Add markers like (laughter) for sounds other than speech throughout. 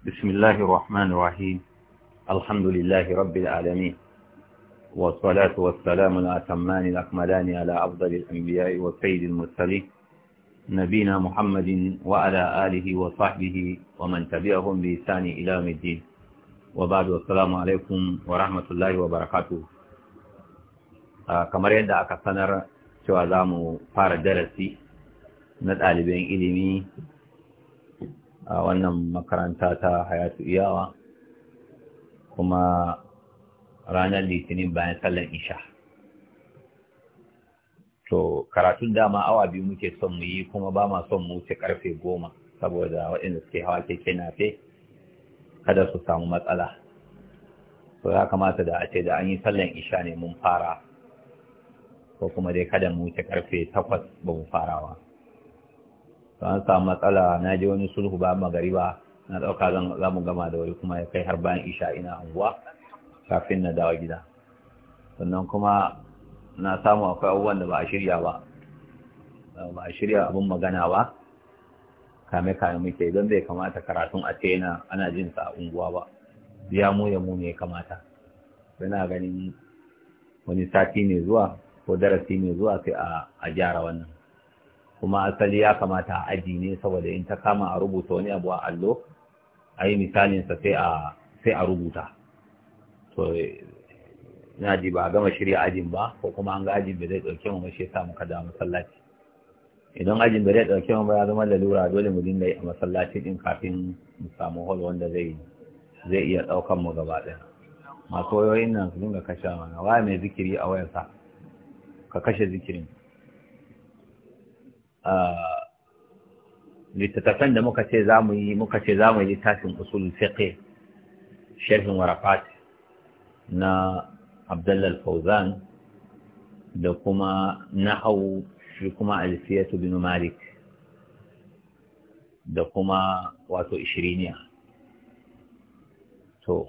بسم الله الرحمن الرحيم الحمد لله رب العالمين والصلاة والسلام الأتمان الأكملان على أفضل الأنبياء وسيد المرسلين نبينا محمد وعلى آله وصحبه ومن تبعهم بإحسان إلى يوم الدين وبعد والسلام عليكم ورحمة الله وبركاته kamar yadda aka sanar cewa za mu fara darasi na ɗaliban ilimi a wannan makaranta ta hayatu iyawa kuma ranar litinin bayan sallar isha to karatun dama awa biyu muke son mu yi kuma ba ma son mu wuce karfe goma saboda waɗanda suke hawa keke nafe kada su samu matsala to ya kamata da a ce da an yi sallar isha ne mun fara ko kuma dai kada mu wuce karfe takwas ba mu farawa to an samu matsala na je wani sulhu ba magari ba na ɗauka za mu gama da wuri kuma ya kai har bayan isha ina unguwa kafin na dawo gida sannan kuma na samu akwai abubuwan da ba a shirya ba ba a shirya abin magana ba kame kame muke don bai kamata karatun a tena ana jin sa a unguwa ba ya mu ya mu ne kamata yana ganin wani sati ne zuwa ko darasi ne zuwa sai a gyara wannan kuma asali ya kamata a aji ne saboda in ta kama a rubuta wani abu a allo a yi misalinsa sai a rubuta to na ji ba gama shirya ajin ba ko kuma an ga ajin bai zai ɗauke mu shi yasa muka da masallaci idan ajin bai zai ɗauke mu ba ya zama lalura dole mu dinga yi a masallaci din kafin mu samu hol wanda zai zai iya ɗaukan mu gaba ɗaya masu wayoyin nan su dinga kashe mana waya mai zikiri a wayarsa ka kashe zikirin Ah, littattafan da muka ce za mu yi muka ce za mu yi littafin usul fiqh sharhin warafat na abdullal fauzan da kuma nahau shi kuma alfiyatu bin malik da kuma wato ishiriniya to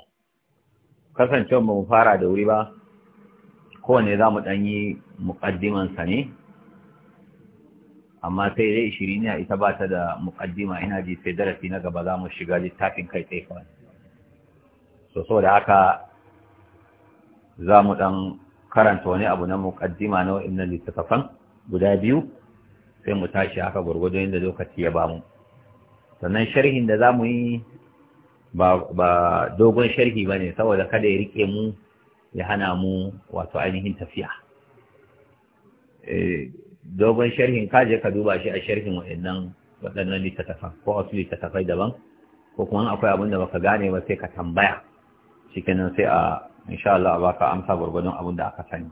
kasancewa ba mu fara da wuri ba kowane za mu yi muƙaddimansa ne amma sai dai ishiriniya ita ba ta da muƙaddima ina ji sai darasi na gaba za mu shiga littafin kai tsaye kawai so so da haka za mu ɗan karanta wani abu na muƙaddima na wa'in littattafan guda biyu sai mu tashi haka gwargwado inda lokaci ya bamu sannan sharhin da za mu yi ba dogon sharhi ba ne saboda kada ya rike mu ya hana mu wato ainihin tafiya eh, dogon sharhin ka je ka duba shi a sharhin waɗannan waɗannan littattafan ko wasu littattafai daban ko kuma akwai abin da baka gane ba sai ka tambaya nan sai a insha Allah ba ka amsa gwargwadon abin da aka sani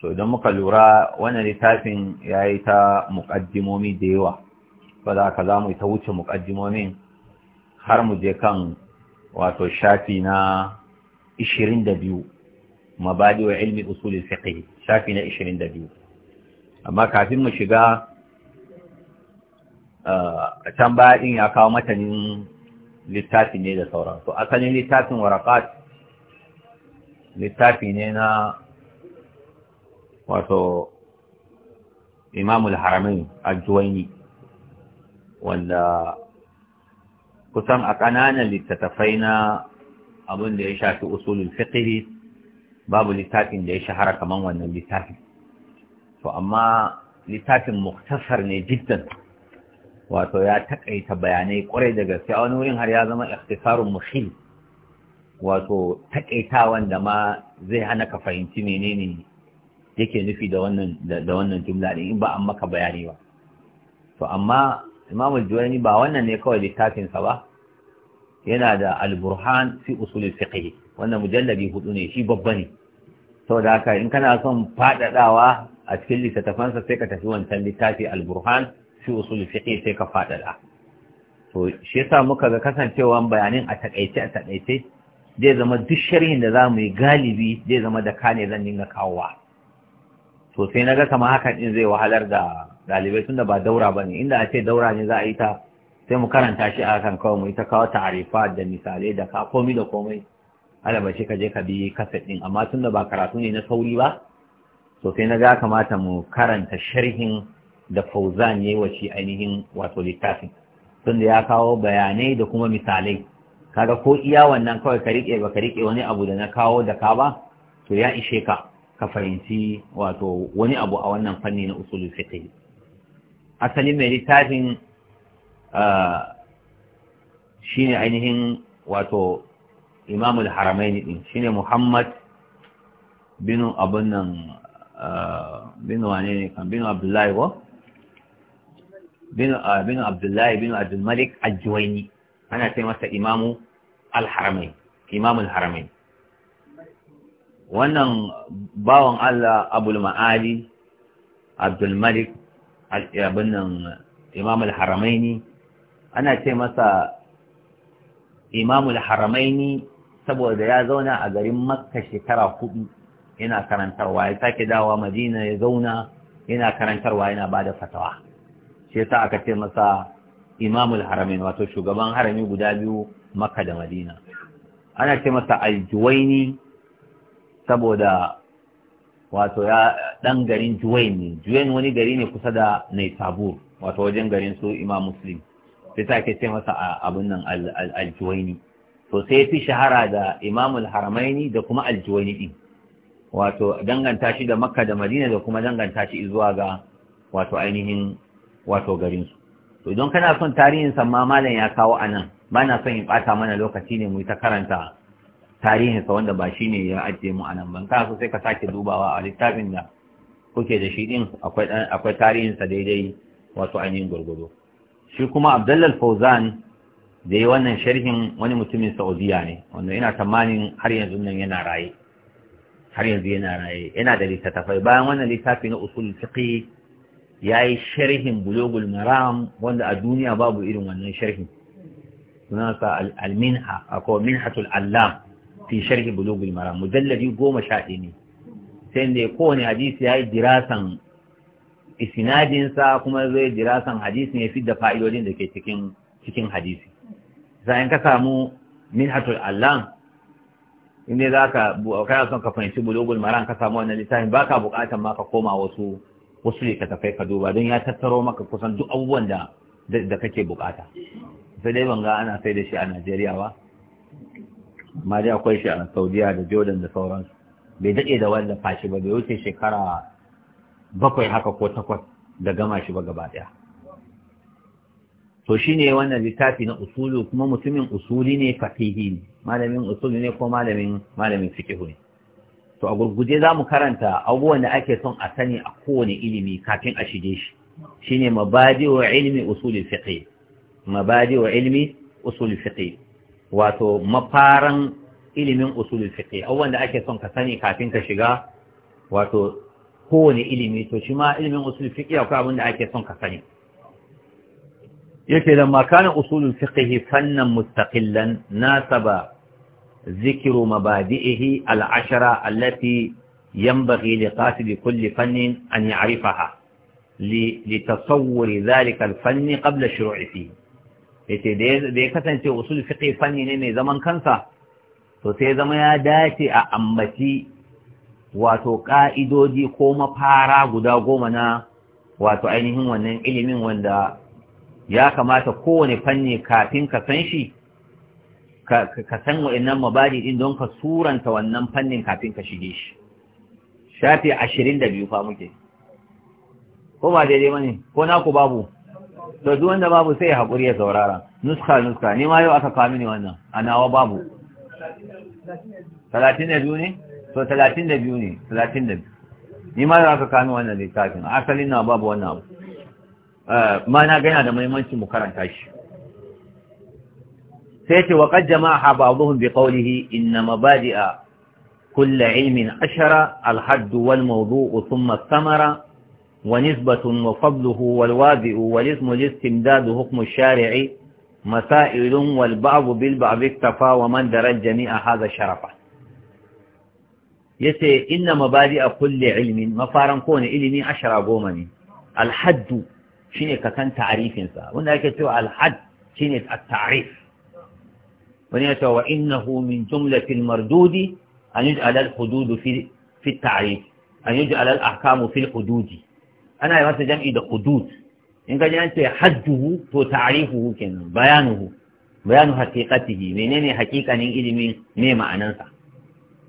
to idan muka lura wannan littafin yayi ta muqaddimomi da yawa ba za ka zamu ta wuce muqaddimomin har mu je kan wato shafi na 22 mabadi wa ilmi usul shafi na 22 amma kafin mu shiga eh, a can baya ɗin ya kawo matanin littafi ne da sauran to asalin littafin warakat littafi ne na wato imamul haramin aljuwaini wanda kusan a ƙananan littattafai na abin da ya shafi usulun fiƙiri babu littafin da ya shahara kamar wannan littafin to amma littafin muktasar ne jiddan wato ya takaita bayanai kwarai daga gaske wani wurin har ya zama ikhtisarun mushil wato takaitawan da ma zai hana ka fahimci menene yake nufi da wannan da wannan jumla din in ba an maka bayani ba to amma imamu juwani ba wannan ne kawai littafin sa ba yana da al-Burhan fi usul al wannan mujallabi hudu ne shi babba ne saboda haka in kana son fadadawa a cikin littattafansa sai ka tafi wancan littafi alburhan, shi fi usul fiqi sai ka faɗaɗa. to shi yasa muka ga kasancewan bayanin a takaice a takaice zai zama duk sharhin da za mu yi galibi zai zama da kane zan dinga kawowa to sai na ga kamar hakan din zai wahalar da ɗalibai tunda ba daura ba ne inda a ce daura ne za a yi ta sai mu karanta shi a kan kawai mu yi ta kawo ta'arifa da misalai da ka komai da komai alabashi ka je ka bi kaset din amma tunda ba karatu ne na sauri ba so sai na ga kamata mu karanta sharhin da fauzan yayi wa shi ainihin wato littafin tunda ya kawo bayanai da kuma misalai kaga ko iya wannan kawai ka rike ba ka rike wani abu da na kawo da ka ba to ya ishe ka ka fahimci wato wani abu a wannan fanni na usulul fiqh asalin mai littafin ah, shine ainihin wato imamul haramain din shine Muhammad bin abun bin wane ne kan bin abdullahi ba bin abdullahi bin Abdullmalik aljuwaini ana ce masa imamu alharamai imamul haramai wannan bawan Allah abul ma'ali abdulmalik abin nan haramai haramaini ana ce masa imamul haramaini saboda ya zauna a garin makka shekara hudu yana karantarwa ya sake dawa madina ya zauna yana karantarwa yana ba da fatawa shi yasa aka ce masa imamul haramin wato shugaban harami guda biyu makka da madina ana ce masa aljuwaini saboda wato ya dan garin juwaini ne juwain wani gari ne kusa da naisabur wato wajen garin su imam muslim sai ta ke ce masa abin nan aljuwaini to sai fi shahara da imamul haramaini da kuma aljuwaini din wato danganta shi da makka da madina da kuma danganta shi zuwa ga wato ainihin wato garinsu to idan kana son tarihin sa ma malam ya kawo a nan ba na son in ɓata mana lokaci ne mu yi ta karanta tarihin sa wanda ba shi ne ya ajiye mu a nan ban kana so sai ka sake dubawa a littafin da kuke da shi din akwai akwai tarihin sa daidai wato ainihin gurgudu shi kuma Abdullal Fauzan da yi wannan sharhin wani mutumin Saudiya ne wanda ina tamanin har yanzu nan yana raye har yanzu yana raye yana da littattafai bayan wannan littafi na usul fiqh yayi sharhin bulugul maram wanda a duniya babu irin wannan sharhin sunansa al-minha akwai minhatul allam fi sharhi bulugul maram mujalladi goma sha ɗaya ne sai da kowane hadisi yayi dirasan isinadinsa kuma zai dirasan hadisi ya fi da fa'idodin da ke cikin cikin hadisi sai ka samu minhatul allam in ne za ka kana son ka fahimci bulugul maran ka samu wannan littafin ba ka bukatan ma ka koma wasu wasu ne ka tafai ka duba don ya tattaro maka kusan duk abubuwan da da kake bukata sai dai ban ga ana sai da shi a Najeriya ba amma dai akwai shi a Saudiya da Jordan da sauransu bai daɗe da wallafa shi ba bai wuce shekara bakwai haka ko takwas da gama shi ba gaba ɗaya to shine wannan littafi na usulu kuma mutumin usuli ne faqihi ne malamin usuli ne ko malamin malamin ne to a gurguje mu karanta abubuwan da ake son a sani a kowane ilimi kafin a shige shi shine mabadi'u ilmi usul fiqh mabadi'u ilimi usul fiqh wato mafaran ilimin usul fiqh abubuwan da ake son ka sani kafin ka shiga wato kowane ilimi to shi ma ilimin usul fiqh akwai abin da ake son ka sani yace lamma kana usulun fiqh fannan mustaqillan nasaba ذكر مبادئه العشرة التي ينبغي لقاصد كل فن li يعرفها لتصور ذلك الفن qabla الشروع فيه yace da ya kasance usulun fiqi fanni ne mai zaman kansa to sai zama ya dace a ambaci wato ƙa'idodi ko mafara guda goma na wato ainihin wannan ilimin wanda ya kamata kowane fanni kafin ka san shi ka san wa'annan mabadi din don ka suranta wannan fannin kafin ka shige shi shafi ashirin da biyu fa muke ko ba daidai ne? ko naku babu to duk wanda babu sai haƙuri ya saurara nuska nuska ni ma yau aka kawo mini wannan a nawa babu talatin da biyu ne to talatin da biyu ne talatin da biyu ni ma yau aka kawo mini wannan littafin asalin na babu wannan abu ما eh, na gana da muhimmanci mu karanta shi sai ce wa qad jama'a ba'dhum bi كل علم عشرة الحد والموضوع ثم الثمرة ونسبة وفضله والوادئ والاسم الاستمداد حكم الشارع مسائل والبعض بالبعض اكتفى ومن درى الجميع هذا شرفا. يتي إن مبادئ كل علم مفارن كون علمي عشرة قومني الحد shine ka san ta'arifinsa wanda ake cewa alhad shi ne tarif wani ya cewa innahu min jumlatil mardudi an yuj'al alal hudud fi fi an yuj'al alal ahkamu fi hududi ana yi masa jam'i da hudud in ka ji an ce hadduhu to ta'rifuhu kenan bayanuhu bayanu haqiqatihi menene haqiqanin ilimi me ma'anansa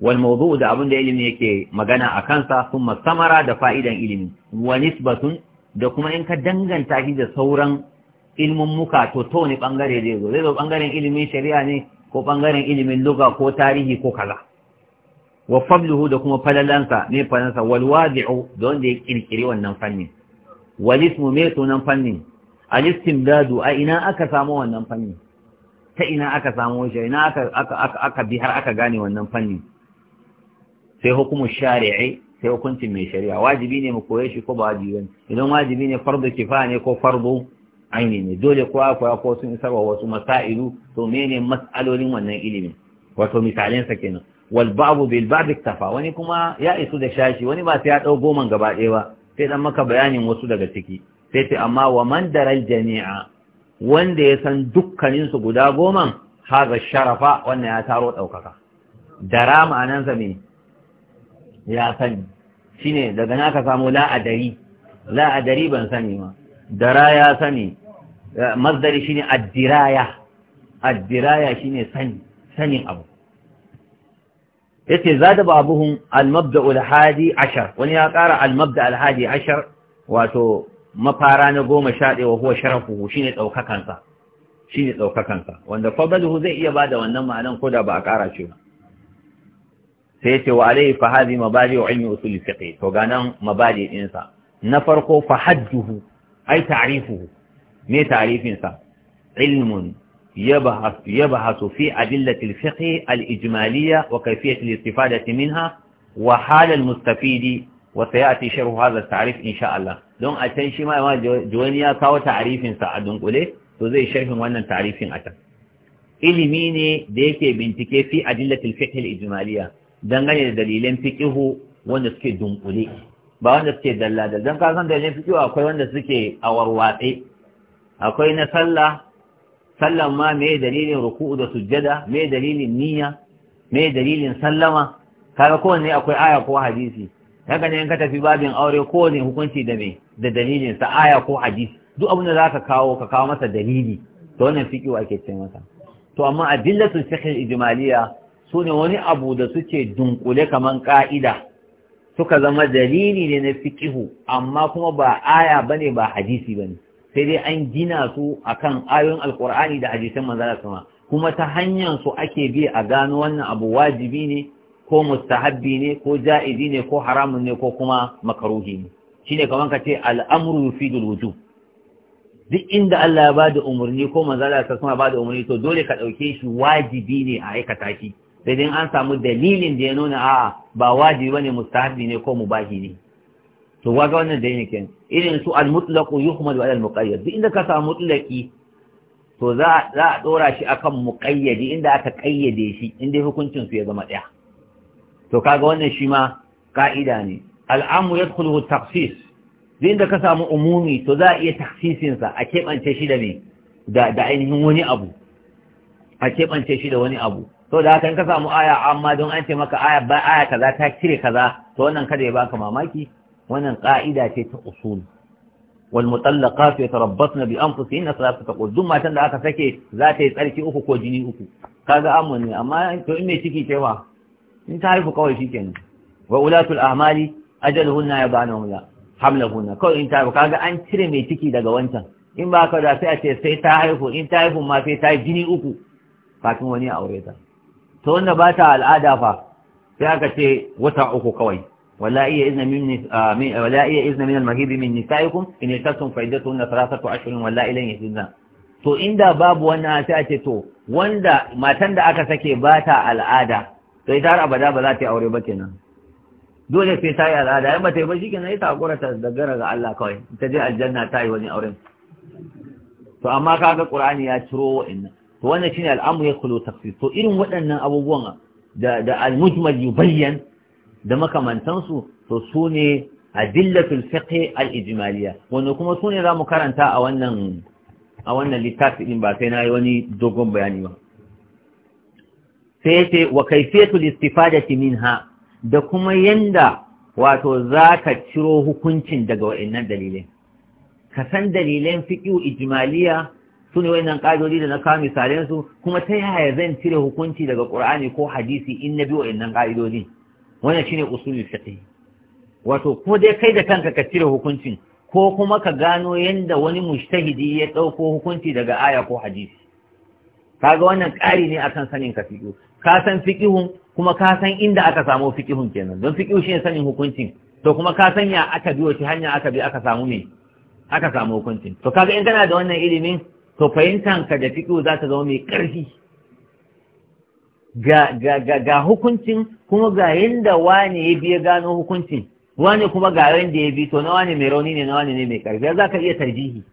wal mawdu'u da abin da ilimi yake magana a kansa kuma samara da fa'idan ilimi wa nisbatun da kuma in ka danganta shi da sauran ilmin muka to to ne bangare zai zo zai zo bangaren ilimin shari'a ne ko bangaren ilimin luga ko tarihi ko kaza wa fadluhu da kuma falalansa ne falansa wal wadi'u da wanda ya kirkiri wannan fannin wal ismu me sunan fannin al istimdadu a ina aka samu wannan fannin ta ina aka samu shi ina aka aka aka bi har aka gane wannan fannin sai hukumu shari'i sai hukuncin mai shari'a wajibi ne mu koye shi ko ba wajibi ne idan wajibi ne fardu kifaya ne ko fardu aini ne dole kowa akwai ko sun isar wa wasu masailu to mene mas'alolin wannan ilimin wato misalin sa kenan wal babu bil babu tafa wani kuma ya isu da shashi wani ba sai ya dau goman gaba ɗaya ba sai dan maka bayanin wasu daga ciki sai sai amma wa man daral jami'a wanda ya san dukkanin su guda goman haza sharafa wannan ya taro ɗaukaka dara ma'anansa me ya sani shine daga na ka samu la'adari la'adari ban sani ma dara ya sani eh, mazdari shine addiraya addiraya shine sani sanin abu yace zada babuhum al-mabda al-hadi ashar wani ya kara al-mabda al-hadi ashar wato mafara na goma sha ɗaya wa huwa sharafuhu shine ɗaukakansa shine ɗaukakansa wanda fadaluhu zai iya bada wannan ma'anan ko da ba a ƙara ce ba sai ce wa alai fa hadhi mabadi wa ilmi usul fiqh to ga nan mabadi din sa na farko fa hadduhu ai ta'rifuhu me ta'rifin sa ilmun a yabhas fi adillati alfiqh alijmaliyya wa kayfiyati alistifadati minha wa Mustafidi. almustafid wa sayati sharh hadha alta'rif insha Allah don a can shi ma wani ya kawo taarifinsa a dunkule to zai sharhin wannan ta'rifin a can. ilimi ne da yake bincike fi adillati alfiqh alijmaliyya dangane da dalilan fiƙihu wanda suke dunkule ba wanda suke dalla da dan kasan dalilin fiƙihu akwai wanda suke awarwatse akwai na sallah sallan ma me dalilin ruku'u da sujjada me dalilin niyya me dalilin sallama kaga kowanne akwai aya ko hadisi haka ne in ka tafi babin aure kowanne hukunci da me da dalilin sa aya ko hadisi duk abin da zaka kawo ka kawo masa dalili to wannan fiƙihu ake ce masa to amma adillatul fiqh al ijmaliyah su ne wani abu da suke dunkule kaman ka'ida, suka zama dalili ne na fiƙihu amma kuma ba aya ba ba hadisi ba ne sai dai an gina su akan ayoyin alƙur'ani da hadisan manzara sama kuma ta hanyar su ake bi a gano wannan abu wajibi ne ko mustahabbi ne ko ja'izi ne ko haramun ne ko kuma makaruhi ne shine kaman ka ce al'amru yufidul wujub duk inda Allah ya bada umarni ko manzara sa kuma bada umarni to dole ka dauke shi wajibi ne a aikata shi sai dai an samu dalilin da ya nuna a ba wajibi bane mustahabi ne ko mubahi ne to waga wannan da yake irin su al-mutlaq yuhmad wa al-muqayyad duk inda ka samu mutlaqi to za za a dora shi akan muqayyadi inda aka kayyade shi inda hukuncin su ya zama daya to kaga wannan shi ma ka'ida ne al-amru yadkhulu at-takhsis duk inda ka samu umumi to za a iya takhsisin sa a kebance shi da ne da da ainihin wani abu a kebance shi da wani abu to da haka in ka samu aya amma don an ce maka aya ba aya kaza ta cire kaza to wannan kada ya baka mamaki wannan ƙa'ida ce ta usul wal mutallaqat yatarabbasna bi anfusihinna thalathata taqul duk matan da aka sake za ta yi tsarki uku ko jini uku kaga amon ne amma to in me ciki cewa in ta haifu kawai shikenan wa ulatul ahmali ajaluhunna yabanahunna hamlahunna kawai in ta haifu kaga an cire mai ciki daga wancan in ba ka da sai a ce sai ta haihu in ta haihu ma sai ta jini uku kafin wani ya aure ta ta wanda ba ta al'ada fa sai aka ce wata uku kawai wala iya izna min ah, wala iya izna min al-mahidi min nisaikum in yakasum faidatuhunna thalathatu ashhurin wala ilayhi to inda babu wannan sai a ce to wanda matan da aka sake ba ta al'ada sai ta har abada ba za ta yi aure ba kenan dole sai ta yi al'ada in ba ta yi ba shikenan ita hakura ta dagara ga Allah kawai ta je aljanna ta yi wani auren to amma kaga qur'ani ya ciro wa'annan to wannan shine al'amu ya kulo tafsir to irin waɗannan abubuwan da da al-mujmal yubayyan da makamantansu to su ne adillatul fiqh al-ijmaliyya wannan kuma su ne za mu karanta a wannan a wannan littafi din ba sai na yi wani dogon bayani ba sai sai wa kayfiyatul istifadati minha da kuma yanda wato zaka ciro hukuncin daga wa'annan dalilai ka san dalilan fiqh ijmaliya su ne wayannan ƙa'idodi da na kawo misalan su kuma ta yaya zan cire hukunci daga Qur'ani ko hadisi in na bi wayannan ƙa'idodi wannan shine usulul fiqh wato ko dai kai da kanka ka cire hukuncin ko kuma ka gano yanda wani mujtahidi ya dauko hukunci daga aya ko hadisi kaga wannan ƙari ne akan sanin ka fiqh ka san fiqh kuma ka san inda aka samu fiqh kenan don fiqh shine sanin hukuncin to kuma ka san ya aka bi wace hanya aka bi aka samu me aka samu hukuncin to kaga in kana da wannan ilimin to fahimtanka da fiƙo za ta zama mai ƙarfi ga hukuncin kuma ga yadda wane ya biya gano hukuncin wane kuma ga yadda ya bi to na wane mai rauni ne na wane ne mai ƙarfi za ka iya tarjihi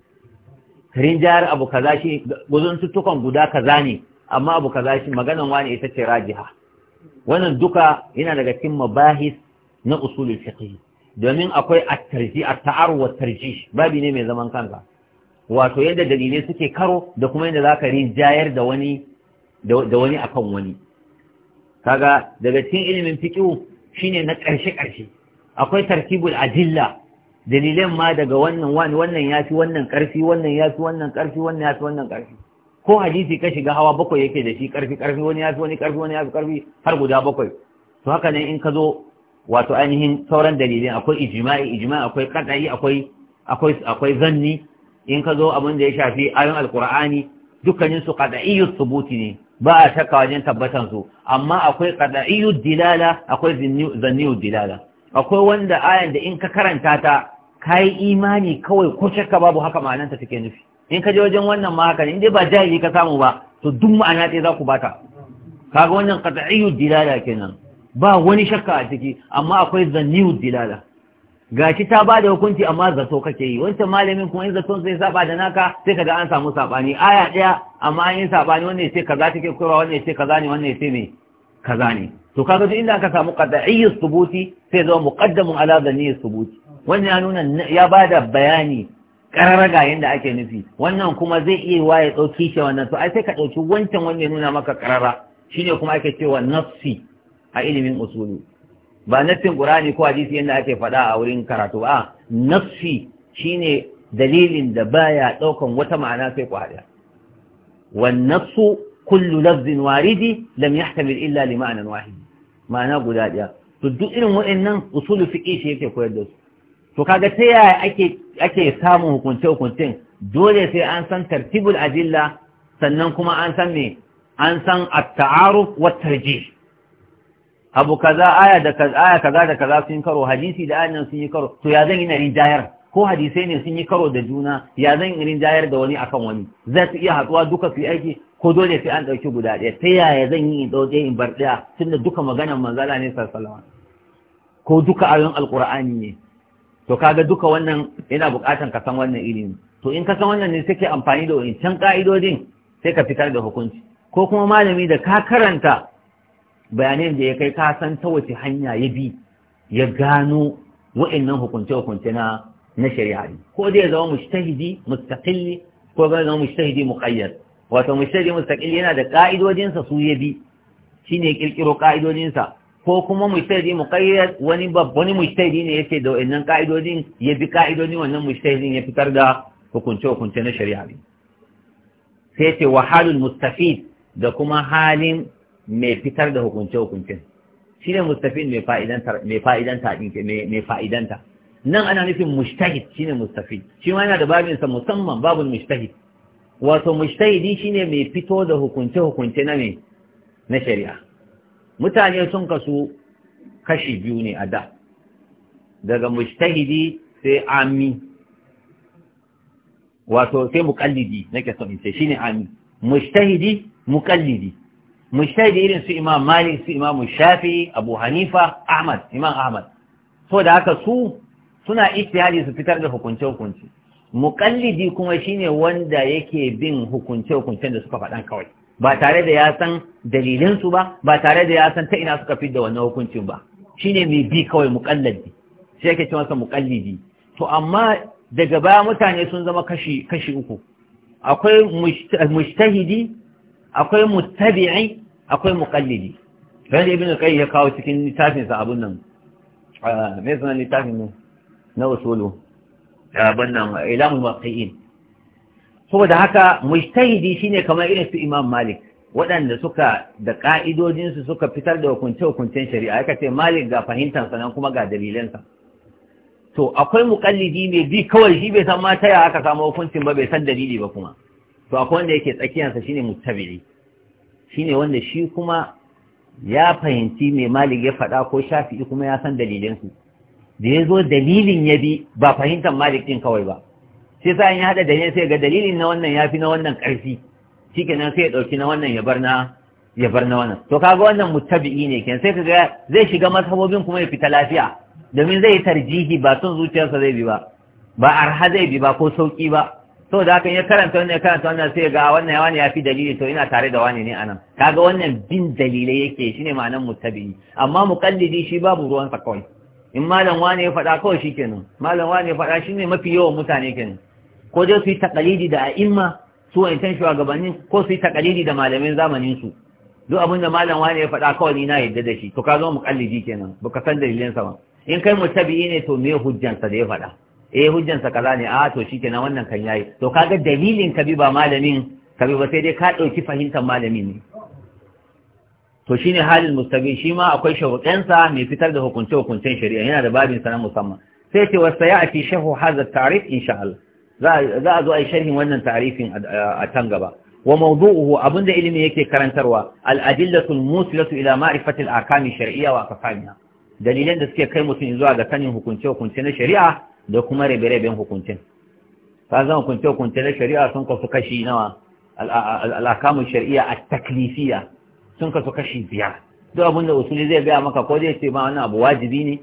karin jihar abu za shi guzun tuttukan guda kaza ne amma abu za shi maganan wane ita ce rajiha wannan duka yana daga cikin mabahis na usulul fiqh domin akwai at-tarjih at-ta'arruf babi ne mai zaman kansa wato yadda dalilai suke karo da kuma yadda za ka rinjayar da wani da wani akan wani kaga daga cikin ilimin fiqhu shine na ƙarshe ƙarshe akwai tartibul adilla dalilan ma daga wannan wani wannan yafi wannan ƙarfi wannan yafi wannan ƙarfi wannan yafi wannan ƙarfi ko hadisi ka shiga hawa bakwai yake da shi ƙarfi ƙarfi wani yafi wani ƙarfi wani yafi ƙarfi har guda bakwai to haka ne in ka zo wato ainihin sauran dalilai akwai ijma'i ijma'i akwai qat'i akwai akwai akwai zanni in ka zo abin da ya shafi ayon alkur'ani dukkanin su qad'iyyu subuti ne ba a shakka wajen tabbatan su amma akwai qad'iyyu dilala akwai zanniyu dilala akwai wanda ayan da in ka karanta ta kai imani kawai ko shakka babu haka ma'ananta take nufi in ka je wajen wannan ma haka ne in dai ba jahili ka samu ba to duk ma'ana ɗaya za ku bata kaga wannan qad'iyyu dilala kenan ba wani shakka a ciki amma akwai zanniyu dilala gashi ta ba da hukunci amma zato kake yi wancan malamin kuma in zaton zai saba da naka sai ga an samu sabani aya daya amma an yi sabani wanda ya ce kaza take koyarwa wanda ya ce kaza ne wanda ya ce me kaza ne to kaga duk inda aka samu qad'iyyus subuti sai zama muqaddamun ala dhanniyus subuti wannan ya nuna ya bada bayani kararraga yadda ake nufi wannan kuma zai iya wa ya ɗauki shi wannan to ai sai ka dauki wancan wanda ya nuna maka karara shine kuma ake cewa nafsi a ilimin usuli ba nassin qur'ani ko hadisi yadda ake faɗa a wurin karatu ba nafsi shine dalilin da baya ɗaukan wata ma'ana sai kwariya wan nafsu kullu lafzin waridi lam yahtamil illa li ma'anan wahidi ma'ana guda ɗaya to duk irin waɗannan usulu fiqi shi yake koyar da su to kaga ta yaya ake ake samun hukunce hukuncin dole sai an san tartibul adilla sannan kuma an san me an san at-ta'aruf wa tarjih abu kaza aya da kaza aya kaza da kaza sun karo hadisi da ayan sun yi karo to ya zan yi na jayar ko hadisai ne sun yi karo da juna ya zan yi jayar da wani akan wani za su iya haɗuwa duka su aiki ko dole sai an ɗauki guda ɗaya ta yaya zan yi in ɗauke in bar ɗaya tunda duka maganar manzala ne sallallahu ko duka ayoyin alqur'ani ne to kaga duka wannan yana buƙatar ka san wannan ilimi to in ka san wannan ne sai amfani da can ka'idodin sai ka fitar da hukunci ko kuma malami da ka karanta bayanin da ya kai ka san ta wace hanya ya bi ya gano wa'annan hukunce-hukunce na shari'a ko dai zama mujtahidi mustaqilli ko ga zama mujtahidi muqayyad wato mujtahidi mustaqilli yana da ka'idojin sa su ya bi shine kirkiro ka'idojin sa ko kuma mujtahidi muqayyad wani babban mujtahidi ne yake da wa'annan ka'idojin ya bi ka'idojin wannan mujtahidin ya fitar da hukunce-hukunce na shari'a sai ce wahalul mustafid da kuma halin mai fitar da hukunce-hukuncen shi ne mustafin mai fa'idanta mai fa'idanta nan ana nufin mustahid shi ne mustafin shi ma yana da babinsa musamman babin mushtahid wato Mustahidi shi ne mai fito da hukunce-hukunce na ne na shari'a mutane sun kasu kashi biyu ne a da daga Mustahidi sai ami wato sai mukallidi nake son in ce ne ami Mustahidi, mukallidi mushtahidi irin su imam malik su imam shafi abu hanifa ahmad imam ahmad so da haka su suna ijtihadi su fitar da hukunce hukunci muqallidi kuma shine wanda yake bin hukunce hukuncen da suka faɗan kawai ba tare da ya san dalilin su ba ba tare da ya san ta ina suka da wannan hukuncin ba shine mai bi kawai muqallidi sai yake cewa muqallidi to amma daga baya mutane sun zama kashi kashi uku akwai mushtahidi akwai mutabi'i akwai muqallidi sai ibn kai ya kawo cikin littafin sa abun nan me sunan littafin ne na usulu abun nan ilamul muqayyin saboda haka mujtahidi shine kamar irin su imam malik waɗanda suka da su suka fitar da hukunce hukuncin shari'a aka ce malik ga fahimtar sa nan kuma ga dalilansa to akwai muƙallidi mai bi kawai shi bai san ma ta aka samu hukuncin ba bai san dalili ba kuma to akwai wanda yake tsakiyarsa shine muttabi'i shine wanda shi kuma ya fahimci mai malik ya faɗa ko shafi'i kuma ya san dalilinsu da ya zo dalilin ya bi ba fahimtar malik ɗin kawai ba sai sa ya haɗa dalilin sai ga dalilin na wannan ya fi na wannan ƙarfi shi kenan sai ya ɗauki na wannan ya bar na ya bar na wannan to kaga wannan mutabi'i ne kenan sai kaga zai shiga mazhabobin kuma ya fita lafiya domin zai yi tarjihi ba son zuciyarsa zai bi ba ba arha zai bi ba ko sauki ba So da haka ya karanta wannan ya karanta wannan sai ga wannan ya wani ya fi dalili to ina tare da wani ne anan kaga wannan bin dalilai yake shine ma'anar muttabi'i amma muqallidi shi babu ruwan kawai in malam wani ya faɗa kawai shi kenan malam wani ya faɗa shine mafi yawan mutane kenan ko dai su yi takalidi da a'imma su can shugabannin ko su yi takalidi da malamin zamanin su duk abin da malam wani ya faɗa kawai ni na yadda da shi to ka zama muqallidi kenan baka san dalilinsa ba in kai muttabi'i ne to me hujjansa da ya faɗa eh hujjansa kaza ne a ah, to shikenan wannan kan yayi to kaga dalilin ka bi ba malamin ka ba sai dai ka dauki fahimtar malamin ne to shine halin mustabi shi ma akwai sharuɗansa mai fitar da hukunce hukuncen shari'a yana da babin sanan musamman sai ce wasa ya ati shahu hadha ta'rif insha Allah za a zo a yi sharhin wannan ta'rifin a can gaba wa mawdu'uhu da ilimi yake karantarwa al-adillatu al-musilatu ila ma'rifati al-ahkam shar'iyya wa aqsamiha dalilan da suke kai mutum zuwa ga sanin hukunce hukunci na shari'a da kuma rabe-raben hukuncin ka zan hukunce-hukunce na shari'a sun kasu kashi nawa al'akamun shari'a a taklifiya sun kasu kashi biyar duk abin da usuli zai gaya maka ko zai ce ma wani abu wajibi ne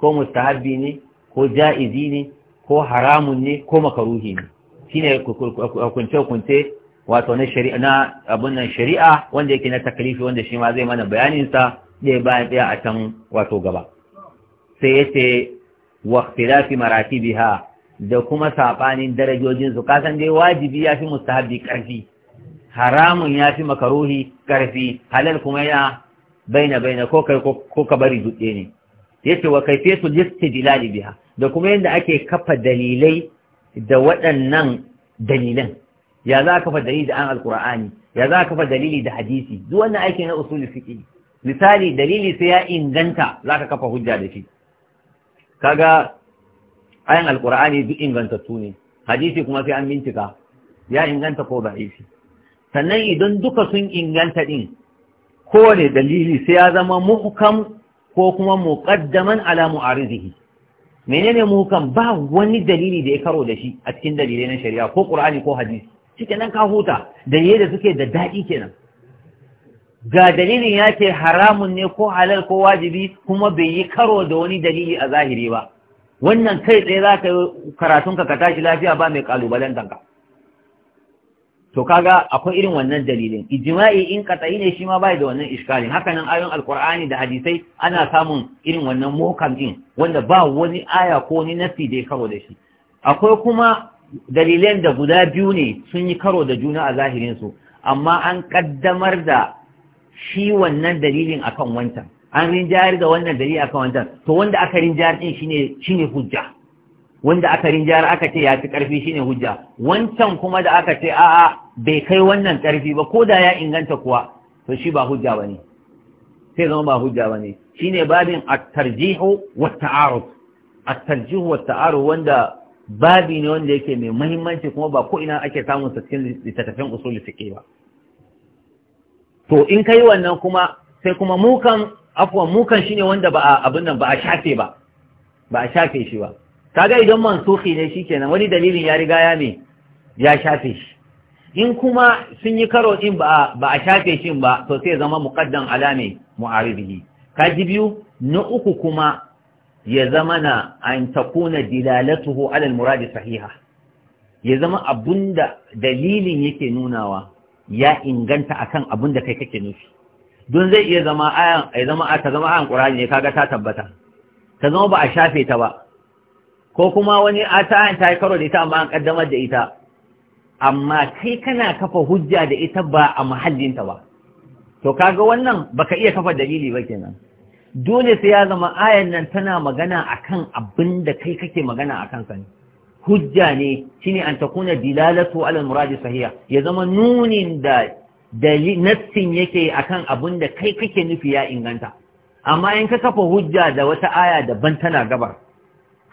ko mustahabbi ne ko ja'izi ne ko haramun ne ko makaruhi ne shine hukunce-hukunce wato na abin nan shari'a wanda yake na taklifi wanda shi ma zai mana bayanin sa bayan ɗaya a can wato gaba sai yace wa ikhtilafi maratibiha da kuma sabanin darajojin su kasan dai wajibi ya fi mustahabi karfi haramun ya fi makaruhi karfi halal kuma yana baina baina ko kai ko ka bari dutse ne yace wa kaifiyatu listidlali biha da kuma yadda ake kafa dalilai da waɗannan dalilan ya za kafa dalili da an ya za kafa dalili da hadisi duk wannan aiki na usul fiqi misali dalili sai ya inganta zaka kafa hujja da shi kaga ayan alqur'ani duk ingantattu ne hadisi kuma sai an bincika ya inganta ko da'ifi sannan idan duka sun inganta din kowane dalili sai ya zama muhkam ko kuma muqaddaman ala mu'arizihi menene muhkam ba wani dalili da ya karo da shi a cikin dalilai na shari'a ko qur'ani ko hadisi cikin nan ka huta dalilai da suke da daɗi kenan ga dalilin ya ce haramun ne ko halal ko wajibi kuma bai yi karo da wani dalili a zahiri ba wannan kai tsaye za ka yi karatunka ka tashi lafiya ba mai kalubalen danka to kaga akwai irin wannan dalilin ijma'i in katsayi ne shi ma bai da wannan iskalin haka nan ayoyin alkur'ani da hadisai ana samun irin wannan mokan din wanda ba wani aya ko wani nafi da ya karo da shi akwai kuma dalilan da guda biyu ne sun yi karo da juna a zahirin su amma an kaddamar da shi wannan dalilin akan wancan an rinjayar da wannan dalili akan wancan to wanda aka rinjayar din shine shine hujja wanda aka rinjayar aka ce ya fi karfi shine hujja wancan kuma da aka ce a'a bai kai wannan karfi ba ko da ya inganta kuwa to shi ba hujja bane sai zama ba hujja bane shine babin at-tarjihu wat-ta'arud at-tarjihu wat-ta'arud wanda babi ne wanda yake mai mahimmanci kuma ba ko ina ake samun sa cikin littattafan usul fiqh ba to in ka yi wannan kuma sai kuma mukan afwan mukan shine wanda ba abin nan ba a shafe ba ba a shafe shi ba kaga idan mansuhi ne shikenan wani dalilin ya riga ya ne ya shafe shi in kuma sun yi karo din ba ba a shafe shi ba to sai zama muqaddam ala me mu'aridihi kaji biyu na uku kuma ya zama na an takuna dilalatuhu ala al-muradi sahiha ya zama abunda dalilin yake nunawa ya inganta akan abin da kai kake nufi don zai iya zama ayan ai zama ta zama ayan Qur'ani ne kaga ta tabbata ta zama ba a shafe ta ba ko kuma wani ata ayan ta yi karo da ita amma an kaddamar da ita amma kai kana kafa hujja da ita ba a ta ba to kaga wannan baka iya kafa dalili ba kenan dole sai ya zama ayan nan tana magana akan abin da kai kake magana akan sa ne hujja ne shine an takuna dilalatu ala muradi sahiha ya zama nunin da nassin yake akan abun da kai kake nufi ya inganta amma in ka kafa hujja da wata aya daban tana gabar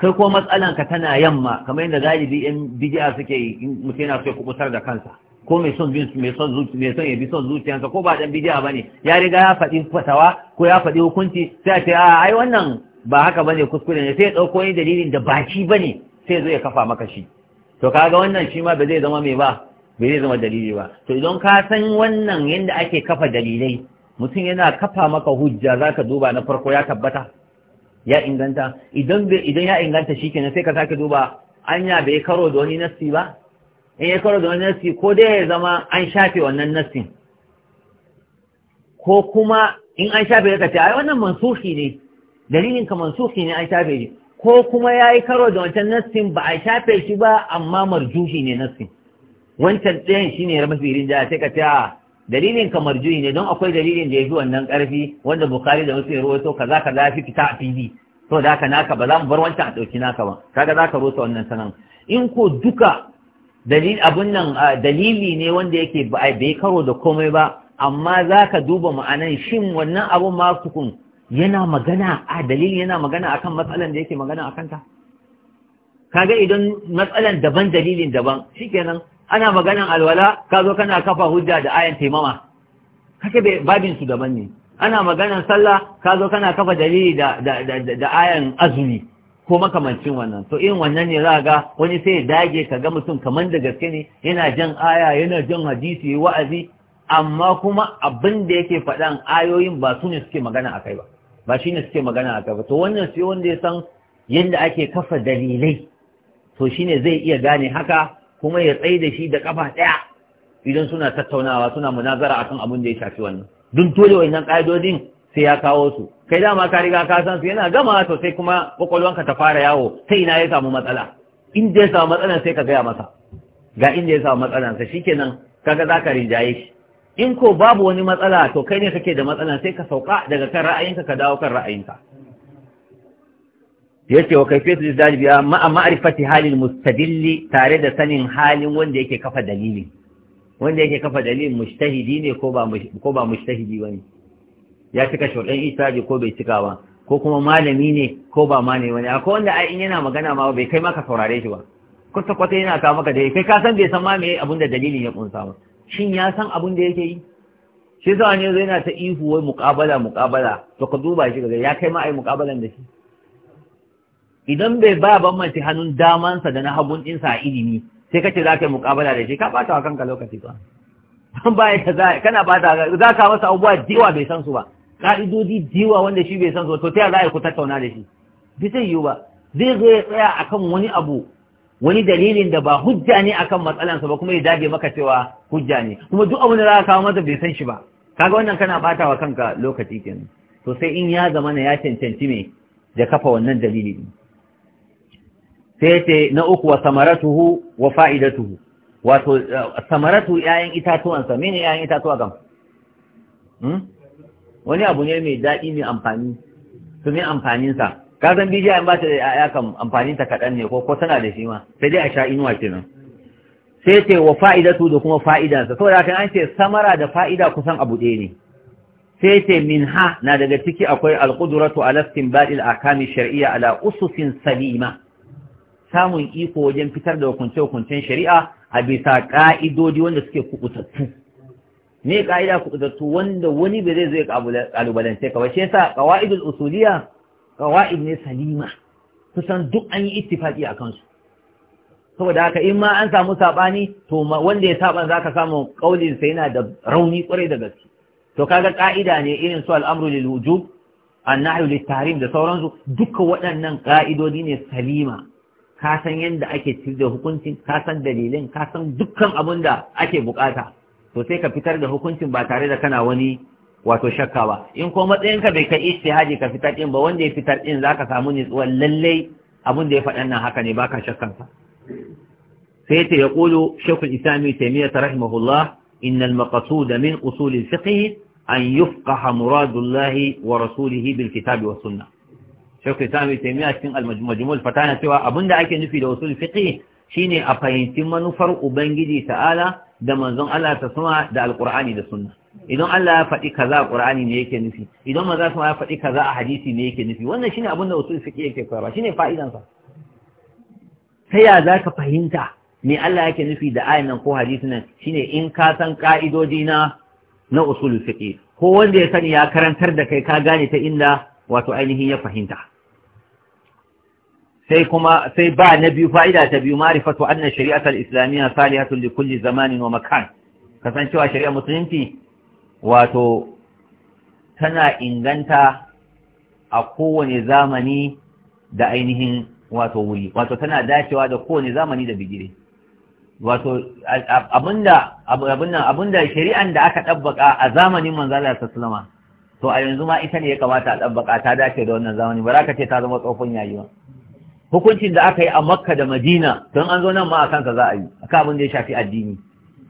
kai ko matsalan ka tana yamma kamar yadda galibi yan bid'a suke yi mutum yana so kubutar da kansa ko mai son bin mai son zuci mai son ya bi son zuciyansa ko ba dan bid'a bane ya riga ya faɗi fatawa ko ya faɗi hukunci sai a ce a ai wannan ba haka bane kuskure ne sai ya ɗauko wani dalilin da baki bane sai zai kafa maka shi to kaga wannan shi ma ba zai zama mai ba ba zai zama dalili ba to idan ka san wannan yadda ake kafa dalilai mutum yana kafa maka hujja zaka duba na farko ya tabbata ya inganta idan idan ya inganta shikenan sai ka sake duba anya bai karo da wani nassi ba in ya karo da wani nassi ko dai ya zama an shafe wannan nassin ko kuma in an shafe ka ce ai wannan mansuhi ne dalilin ka mansuhi ne an shafe shi ko kuma ya yi karo da wancan nassin ba a shafe shi ba amma marjuhi ne nassin wancan ɗayan shi ne mafi rinjaya sai ka ce a ah, dalilin ka marjuhi ne don akwai dalilin da ya fi wannan ƙarfi wanda bukari da wasu ya rawaito kaza kaza ya fi fita a fili to da haka naka ba za mu bar wancan a ɗauki naka ba kaga za ka rusa wannan sanan in ko duka dalil abun nan ah, dalili ne wanda yake bai karo da komai ba amma za ka duba ma'anan shin wannan abun ma sukun yana magana a dalili yana magana akan matsalan da yake magana a kanta kaga idan matsalan daban dalilin daban shikenan ana maganan alwala ka zo kana kafa hujja da ayan taimama kake babin su daban ne ana maganan sallah ka zo kana kafa dalili da ayan azumi ko makamancin wannan to irin wannan ne za ga wani sai ya dage ka ga mutum kamar da gaske ne yana jan aya yana jan hadisi wa'azi amma kuma abin da yake faɗan ayoyin ba su ne suke magana a kai ba ba shi ne suke magana a gaba to wannan sai wanda ya san yadda ake kafa dalilai to shi ne zai iya gane haka kuma ya tsaye da shi da kafa ɗaya idan suna tattaunawa suna munazara akan abin da ya shafi wannan duk dole wannan ƙa'idodin sai ya kawo su kai dama ka riga ka san su yana gama to sai kuma ka ta fara yawo ta ina ya samu matsala inda ya samu matsalan sai ka gaya masa ga inda ya samu shi shikenan kaga za ka rinjaye shi in ko babu wani matsala to kai ne kake da matsala sai ka sauka daga kan ra'ayinka ka dawo kan ra'ayinka yace wa su izdal biya ma'a ma'rifati halil mustadilli tare da sanin halin wanda yake kafa dalilin wanda yake kafa dalilin mujtahidi ne ko ba ko ba mujtahidi bane ya cika shuɗin isabi ko bai cika ba ko kuma malami ne ko ba ma ne wani akwai wanda ai in yana magana ma bai kai maka saurare shi ba kwata kwata yana kawo maka dai kai ka san bai san ma me abin da dalilin ya kunsa ba shin ya san abin da yake yi shi sa ne zai na ta ihu wai muƙabala muƙabala to ka duba shi ga ya kai ma ai muƙabalan da shi idan bai ba ban mace hannun damansa da na hagun ɗinsa a ilimi sai kace za ka yi muƙabala da shi ka ɓata wa kanka lokaci ba ban ba ka za kana ɓata za ka masa abubuwa diwa bai san su ba ƙa'idodi diwa wanda shi bai san su ba to ta za a yi ku tattauna da shi bi zai yiwu ba zai zo ya tsaya akan wani abu wani dalilin da ba hujja ne akan matsalansa ba kuma ya dage maka cewa hujja ne kuma duk abin da za ka kawo masa bai san shi ba kaga wannan kana bata wa kanka lokaci kenan to sai in ya zama na ya cancanci me da kafa wannan dalili sai ce na uku wa samaratuhu wa fa'idatuhu wato eh, samaratu itatuwan sa mene 'ya'yan itatuwa gam hmm? wani abu ne mai daɗi mai amfani to me amfaninsa ka bishiya in ba ta da ya'ya kan amfani ta kaɗan ne ko ko tana da shi ma sai dai a sha inuwa kenan sai ce wa fa'idatu da kuma fa'idansa saboda haka an ce samara da fa'ida kusan abu ɗaya ne sai ce min ha na daga ciki akwai alƙuduratu ala a ahkami shari'a ala usufin salima samun iko wajen fitar da hukunce hukuncen shari'a a bisa ƙa'idodi wanda suke kuɓutattu ne ƙa'ida kukutattu wanda wani ba zai zo ya ƙalubalance ka ba shi yasa ƙawa'idul usuliya qawaid ne salima kusan duk an yi ittifaqi a kansu saboda haka in ma an samu sabani to wanda ya saba zaka samu kaulin sa yana da rauni kwarai da gaske to kaga ka'ida ne irin su al'amru lil wujub annahyu lit tahrim da sauransu duka waɗannan ka'idodi ne salima ka san yadda ake cire hukuncin ka san dalilin ka san dukkan abin da ake bukata to sai ka fitar da hukuncin ba tare da kana wani wato shakka ba in ko matsayinka bai kai ijtihadi ka fitar din ba wanda ya fitar din zaka samu ni lalle abin da ya faɗan nan haka ne baka shakkan sa sai ta yaqulu shaykhul islam taymiyyah rahimahullah innal maqsud min usul al-fiqh an yufqaha muradullahi wa rasulihi bil kitabi was sunnah shaykhul islam taymiyyah cikin al-majmu' al-fatana cewa abinda ake nufi da usul fiqh shine a fahimci manufar ubangiji ta'ala da manzon Allah ta sama da alqur'ani da sunna idan Allah ya faɗi kaza a ƙur'ani ne yake nufi idan maza kuma ya faɗi kaza a hadisi ne yake nufi wannan shine abin da usul fiqh yake ba shine fa'idan sa sai ya ka fahimta me Allah yake nufi da ayan nan ko hadisi nan shine in ka san ka'idoji na na usul fiqi ko wanda ya sani ya karantar da kai ka gane ta inda wato ainihin ya fahimta sai kuma sai ba na biyu fa'ida ta biyu ma'rifatu anna shari'atul islamiyya salihatun li kulli zamanin wa makan kasancewa shari'a musulunci wato tana inganta a kowane zamani da ainihin wato wuri wato tana dacewa da kowane zamani da bigire wato abinda abinda abinda shari'an da aka dabbaka a zamanin manzo Allah sallallahu to a yanzu ma ita ne ya kamata a dabbaka ta dace da wannan zamani ba za ka ce ta zama tsofin yayi ba hukuncin da aka yi a Makka da Madina don an zo nan ma a kanka za a yi akan abin da ya shafi addini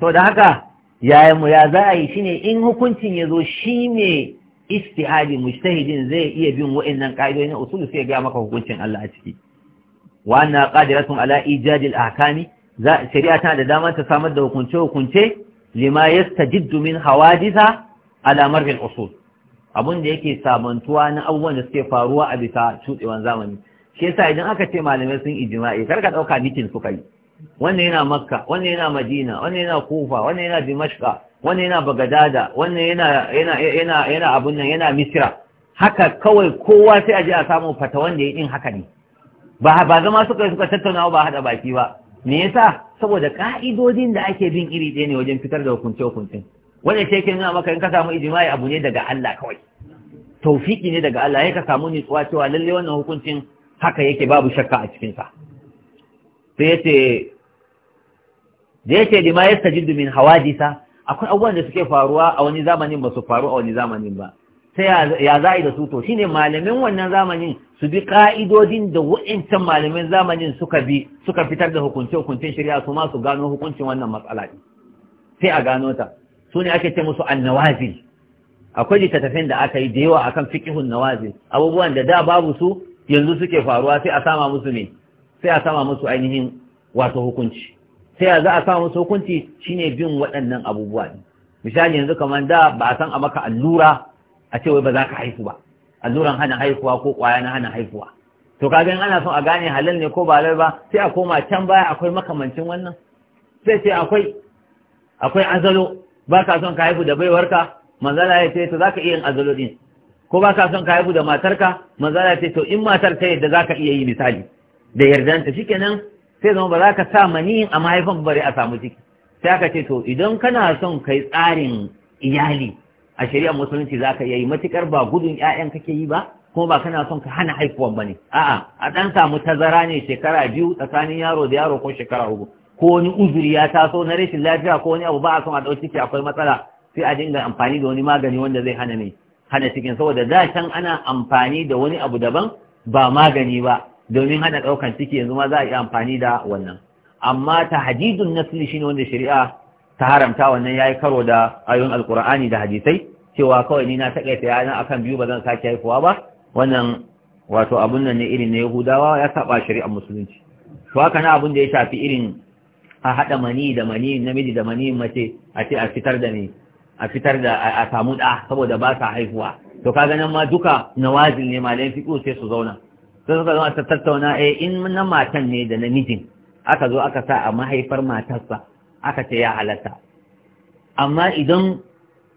to da haka yaya mu ya za a yi shine in hukuncin ya zo shi ne istihadi mujtahidin zai iya bin wa'annan ka'idojin usulu sai ga maka hukuncin Allah a ciki wa anna qadiratun ala ijad al ahkami za shari'a tana da dama ta samar da hukunce hukunce lima yastajiddu min hawadisa ala marhi al usul abun da yake sabantuwa na abubuwan da suke faruwa a bisa cudewan zamani shi yasa idan aka ce malamai sun ijma'i kar ka dauka mitin suka yi wannan yana makka wannan yana madina wannan yana kufa wannan yana dimashka wannan yana bagadada wannan yana yana yana abun nan yana Misira. haka kawai kowa sai a je a samu fata wanda ya din haka ne ba zama suka suka tattauna ba hada baki ba me yasa saboda ka'idodin da ake bin iri ɗaya ne wajen fitar da hukunce hukuncin wanda sai kin nuna maka in ka samu ijma'i abu ne daga Allah kawai tawfiki ne daga Allah ya ka samu nutsuwa cewa lalle wannan hukuncin haka yake babu shakka a cikin sa sai ce da ma yasta yastajidu Hawa hawadisa akwai abubuwan da suke faruwa a wani zamanin ba su faru a wani zamanin ba sai ya za'i da su to shine malamin wannan zamanin su bi ka'idodin da wa'incan malamin zamanin suka bi suka fitar da hukunce hukuncin shari'a su ma su gano hukuncin wannan matsala ne sai a gano ta su ne ake ce musu annawazil akwai littattafin da aka yi da yawa akan fikihun nawazil abubuwan da da babu su yanzu suke faruwa sai a sama musu ne sai a sama musu ainihin wato hukunci sai a za a sama musu hukunci shine bin waɗannan abubuwa ne misali yanzu kamar da ba a san a maka allura a ce wai ba za ka haihu ba alluran hana haihuwa ko ƙwaya na hana haihuwa to kaga in ana son a gane halal ne ko ba halal ba sai a koma can baya akwai makamancin wannan sai ce akwai akwai azalo ba ka son ka haihu da baiwarka manzala ya ce to za ka iya yin azalo din ko ba ka son ka haihu da matarka manzala ya ce to in matar ta yadda za ka iya yi misali da yardanta kenan sai zama ba za ka sa mani a mahaifan bari a samu ciki sai aka ce to idan kana son kai tsarin iyali a shari'ar musulunci za ka yi matukar ba gudun 'ya'yan kake yi ba kuma ba kana son ka hana haifuwan ba ne a'a a ɗan samu tazara ne shekara biyu tsakanin yaro da yaro ko shekara uku ko wani uzuri ya taso na rashin lafiya ko wani abu ba a son a ɗau ciki akwai matsala sai a dinga amfani da wani magani wanda zai hana ne hana cikin saboda da can ana amfani da wani abu daban ba magani ba domin hana ɗaukan ciki yanzu ma za a yi amfani da wannan amma ta tahajidun shi shine wanda shari'a ta haramta wannan ya yi karo da ayoyin alkur'ani da hadisai cewa kawai ni na takaita yana akan biyu ba zan sake haifuwa ba wannan wato abun nan ne irin na yahudawa ya saba shari'ar musulunci to haka na abun da ya shafi irin a haɗa mani da mani namiji da mani mace a ce a fitar da ne a fitar da a samu ɗa saboda ba sa haihuwa to ka ganin ma duka nawazin ne malayan fiƙo sai su zauna sai suka zama ta tattauna eh in na matan ne da namijin aka zo aka sa a mahaifar matarsa aka ce ya halatta amma idan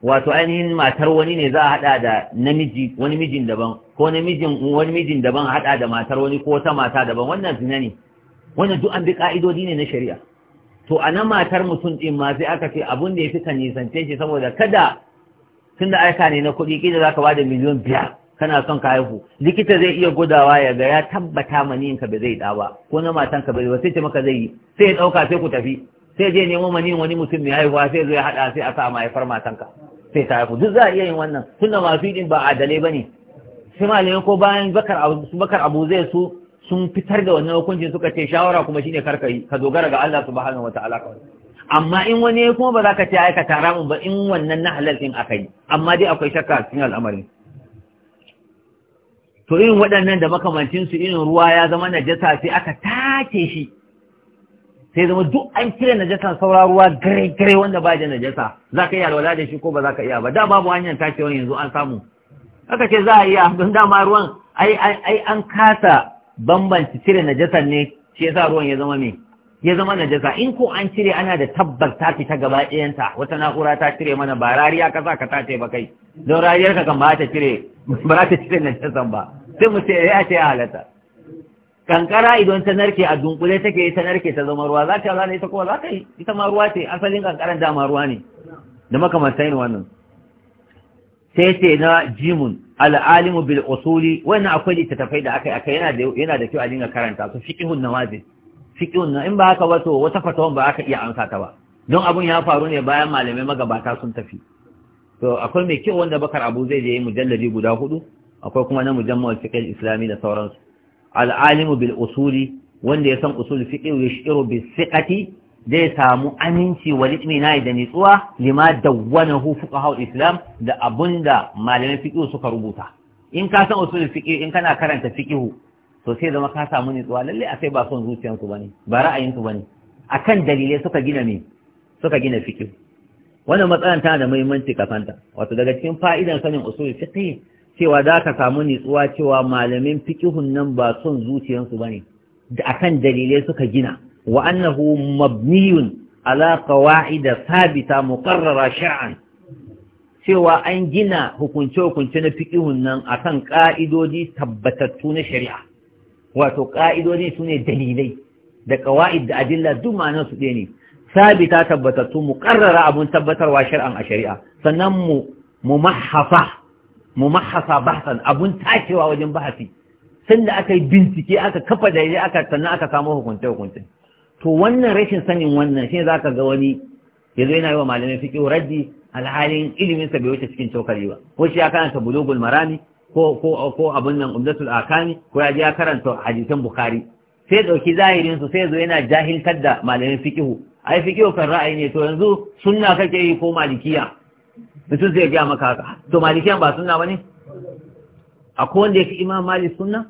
wato ainihin matar wani ne za a haɗa da namiji wani mijin daban ko namijin wani mijin daban haɗa da matar wani ko ta mata daban wannan zina ne wannan duk an bi ka'idodi ne na shari'a to a na matar mutum ɗin ma sai aka ce abun da ya fi ka nisance shi saboda kada tun da aika ne na kuɗi ƙila za ka ba da miliyon biyar kana son ka haihu likita zai iya gudawa ya ga ya tabbata maniyinka ba zai da ba ko na matanka bai ba sai ce maka zai yi sai ya dauka sai ku tafi sai je nemo maniyin wani mutum mai haihuwa sai ya hada sai a sa mahaifar matanka sai ta haihu duk za a iya yin wannan tunda masu yi ba adalai bane sai malamai ko bayan bakar bakar abu zai su sun fitar da wannan hukuncin suka ce shawara kuma shine karka yi ka dogara ga Allah subhanahu wataala kawai amma in wani kuma ba za ka ce aikata ramin ba in wannan na halal din aka yi amma dai akwai shakka cikin al'amarin to irin waɗannan da makamancinsu irin ruwa ya zama najasa sai aka take shi sai zama duk an cire najasar saura ruwa gare-gare wanda ba da najasa za ka iya alwala da shi ko ba za ka iya ba da babu hanyar tace wani yanzu an samu aka ce za a iya don dama ruwan ai an kasa bambanci cire najasar ne shi yasa ruwan ya zama me ya zama najasa in ko an cire ana da tabbar ta fita gaba ɗayanta wata na'ura ta cire mana ba rariya ka sa ka tace ba kai don rariyar ka kan ba ta cire ba za ta cire san ba sai mu ce ya eh, ce ya halatta kankara idan ta narke a dunkule take ita narke ta zama ruwa za ta zana ita kowa za ta yi ita ma ruwa ce asalin kankaran dama ruwa ne da makamantar yin wannan sai ce na jimun al'alimu bil usuli wannan akwai littattafai da aka yi aka yana da kyau a dinga karanta su fiqhun nawazi fiqhun in ba haka ba to wata fatawan ba aka iya amsa ta ba don abun ya faru ne bayan malamai magabata sun tafi to akwai mai kyau wanda bakar abu zai je mujalladi guda hudu akwai kuma na mujammal fiqh islami da sauransu al'alimu bil usuli wanda ya san usul fiqh ya shiru bi siqati zai samu aminci wa litmina da nitsuwa lima dawwanahu fuqaha islam da abunda malamai fiqh suka rubuta in ka san usul fiqh in kana karanta fiqh to sai zama ka samu nitsuwa lalle akai ba son zuciyansu bane ba ra'ayinsu bane akan dalilai suka gina me suka gina fiqh wannan matsalan tana da muhimmanci kafanta. wato daga cikin fa'idan sanin usul fiqh cewa za ka samu nitsuwa cewa malamin fiqhun nan ba son zuciyarsu bane da akan dalilai suka gina wa annahu mabniyun ala kawa'ida sabita muqarrara shar'an cewa an gina hukunce-hukunce na fiƙihun nan a kan ƙa'idodi tabbatattu na shari'a, wato ƙa'idodi sune dalilai da ƙawa'id da adilla duk ma'anar su ne, sabita tabbatattu mu karrara abun tabbatarwa shari'an a shari'a sannan mu mumahhafa mumahhafa bahsan abun tacewa wajen bahasi sanda aka yi bincike aka kafa daidai aka sannan aka samu hukunce hukunce to wannan rashin sanin wannan shine zaka ga wani yanzu yana yi wa malamai fiqh raddi alhalin ilimin sa bai wuce cikin cokali ba ko shi ya karanta bulugul marami ko ko ko abun nan umdatul akami ko ya je ya karanta hadisan bukhari sai dauki zahirin su sai zo yana jahiltar da malamin fiqh ai fiqh kan ra'ayi ne to yanzu sunna kake yi ko malikiya mutum zai gaya maka haka to malikiya ba sunna bane akwai wanda yake imam malik sunna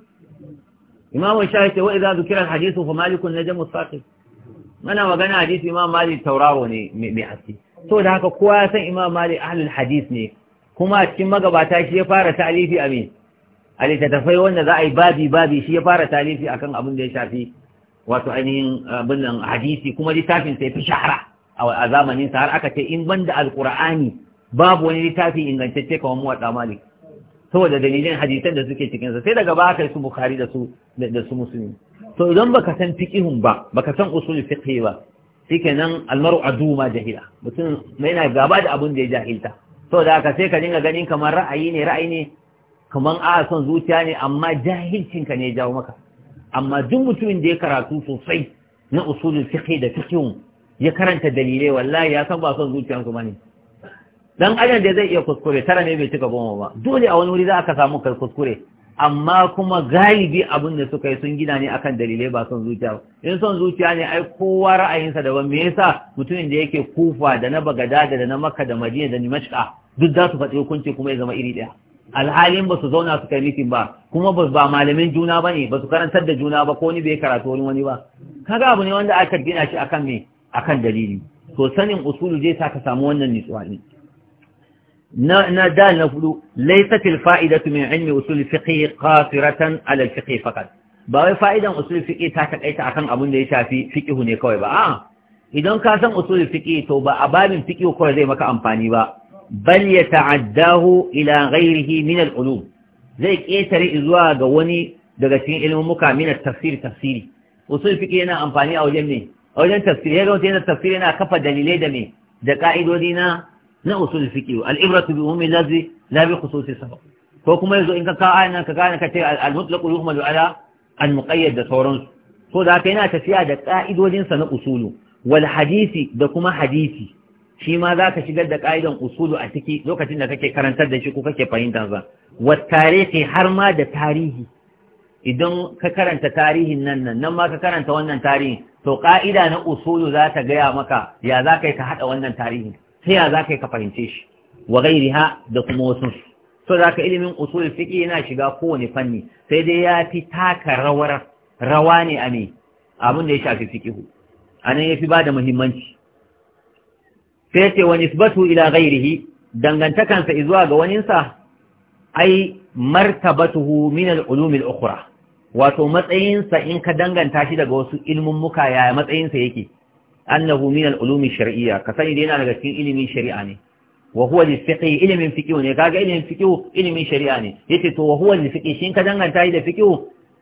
imam shafi wa idza dhukira alhadith fa malik na Jamus as mana magana hadisi imam malik tauraro ne mai haske to da haka kowa ya san imam malik ahlul hadith ne kuma cikin magabata shi ya fara talifi a me a littattafai wanda za a yi babi babi shi ya fara talifi akan abin da ya shafi wato ainihin abin nan hadisi kuma littafin sai fi shahara a zamanin sa har aka ce in banda alqur'ani babu wani littafi ingantacce kamar muwatta malik saboda dalilan hadisan da suke cikin sa sai daga baya kai su bukhari da su da su muslimi to idan baka san fiqihun ba baka san usul fiqhi ba shikenan almaru aduma jahila mutum yana gaba da abin da ya jahilta saboda haka sai ka dinga ganin kamar ra'ayi ne ra'ayi ne kamar a son zuciya ne amma jahilcin ka ne ya jawo maka amma duk mutumin da ya karatu sosai na usulin fiqh da fiqh ya karanta dalilai wallahi ya san ba son zuciyarsu bane dan ajan da zai iya kuskure tara ne bai cika goma ba dole a wani wuri za ka samu kai kuskure amma kuma galibi abin da suka yi sun gina ne akan dalilai ba son zuciya ba in son zuciya ne ai kowa ra'ayinsa da daban me yasa mutumin da yake kufa da na Bagada, da na makka da madina da dimashqa duk za su faɗi hukunci kuma ya zama iri ɗaya alhalin ba su zauna su kai mitin ba kuma ba ba malamin juna ba ne ba su karantar da juna ba ko ni bai karatu wani wani ba kaga abu ne wanda aka gina shi akan me akan dalili to sanin usulu zai sa ka samu wannan nutsuwa ne na na da na fudu laysa fil fa'idatu min ilmi usul fiqh qasiratan ala fiqh faqat ba wai fa'idan usul fiqh ta kaita akan abin da ya shafi fiqh ne kawai ba a'a idan ka san usul fiqh to ba a babin fiqh kawai zai maka amfani ba bal ya ta'addahu ila ghairihi min al zai ƙetare zuwa ga wani daga cikin ilmumuka min tafsir tafsiri usul fiqh yana amfani a wajen ne a wajen tafsiri yana tafsiri yana kafa dalilai da me da ka'idodi na usul fiqh al-ibratu bi ummi lafzi la bi khususi ko kuma yazo in ka ka ayana ka ka ce al-mutlaq ala al-muqayyad da sauransu ko da haka yana tafiya da ka'idodinsa na usulu wal hadisi da kuma hadisi shi ma za ka shigar da ƙa'idan usulu a ciki lokacin da kake karantar da shi ko kake fahimtar sa wa ce har ma da tarihi idan ka karanta tarihin nan nan nan ma ka karanta wannan tarihin to ƙa'ida na usulu za ta gaya maka ya za ka yi ka haɗa wannan tarihin sai ya za ka yi ka fahimce shi wa ha da kuma wasu so za ka ilimin usul fiƙi yana shiga kowane fanni sai dai ya fi taka rawar rawa ne a me abin da ya shafi fiƙi a nan ya fi ba da muhimmanci sai ce wa nisbatu ila ghairihi dangantakansa zuwa ga waninsa ai martabatuhu min al-ulum al-ukhra wato matsayinsa in ka danganta shi daga wasu ilmummuka ya matsayinsa yake annahu min al-ulum shar'iyya ka sani dai yana daga cikin ilimin shari'a ne wa huwa al ilimin fiqh ne kaga ilimin fiqh ilimin shari'a ne yace to wa huwa al shi in ka danganta shi da fiqh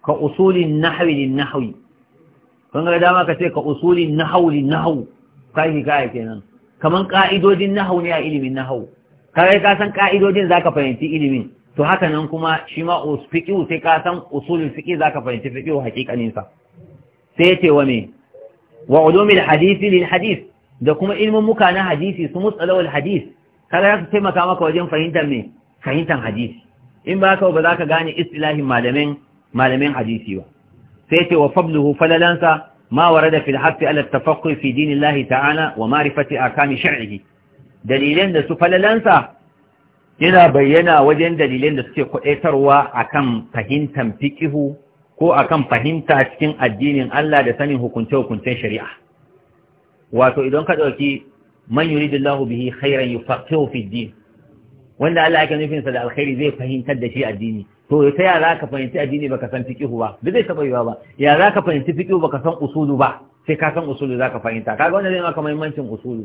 ka usulin nahwi lin nahwi kun ga dama ka ce ka usulin nahwi lin nahw kai kai nan. kaman ka'idodin nahau ne a ilimin nahau kare ka san ka'idodin zaka fahimci ilimin to haka nan kuma shi ma fiqh sai ka san fiƙi za ka fahimci fiqh hakikanin sa sai yace wa me wa ulumul hadisi lil hadis, da kuma ilmin muka na hadisi su mutsalawal hadis? kada za su taimaka maka wajen fahimtar me fahimtar hadisi in ba ka ba za ka gane istilahin malamin malamin hadisi ba sai ce wa fabluhu falalansa ما ورد في الحث على التفقه في دين الله تعالى ومعرفة أحكام شرعه دليلين falalansa yana ينا بينا وجن دليلين suke كأتروا akan فهمتا فكه ko akan fahimta cikin addinin Allah da sanin hukunce-hukuncen shari'a wato idan ka ɗauki man yuridullahu bihi khairan yufaqihu fi din wanda Allah yake nufin sa da alkhairi zai fahimtar da shi addini to ta ya za ka fahimci addini baka san fiqihu ba da zai taɓa yiwa ba ya za ka fahimci fiqihu baka san usulu ba sai ka san usulu za ka fahimta kaga wannan zai maka muhimmancin usulu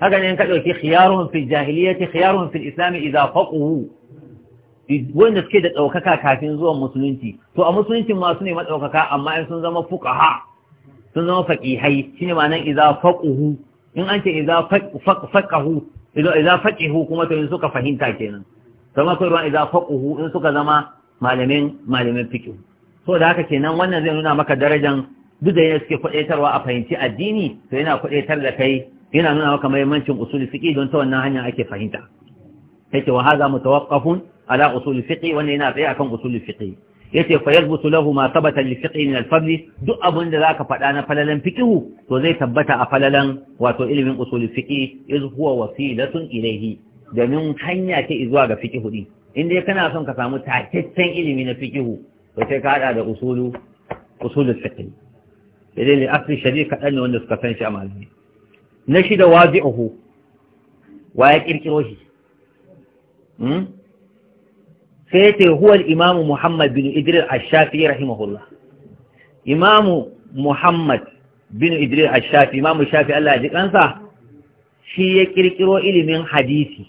haka ne in ka ɗauki khiyaruhum fil jahiliyyati khiyaruhum fil islam idza faquhu wanda suke da ɗaukaka kafin zuwan musulunci to a musulunci masu ne maɗaukaka amma in sun zama fuqaha sun zama faqihai shine ma'anar idza faquhu in an ce idza faqahu idza faqihu kuma to in suka fahimta kenan zama koyarwa iza faqahu in suka zama malamin malamin fiqh so da haka kenan wannan zai nuna maka darajan duk da yana suke kwadaitarwa a fahimci addini to yana kwadaitar da kai yana nuna maka mahimmancin usuli don ta wannan hanya ake fahimta yake wa hadha mutawaqqafun ala usuli fiqh wannan yana tsaye akan usuli fiqh yace fa yadbutu lahu ma thabata li fiqh min al-fadl duk abun da zaka faɗa na falalan fiqh to zai tabbata a falalan wato ilimin usuli fiqh iz huwa wasilatun ilayhi domin hanya ce zuwa ga fikihu din in dai kana son ka samu takakken ilimi na fikihu, to sai ka hada da usulu usulul fiqh sai dai asli shari'a kadan ne wanda suka san shi a malami na shi da wazi'uhu wa ya kirkiro shi hmm? sai ce huwa al-imam muhammad bin idris ash shafii rahimahullah Imam muhammad bin idris ash shafii imam shafi Allah ya ji kansa shi ya kirkiro ilimin hadisi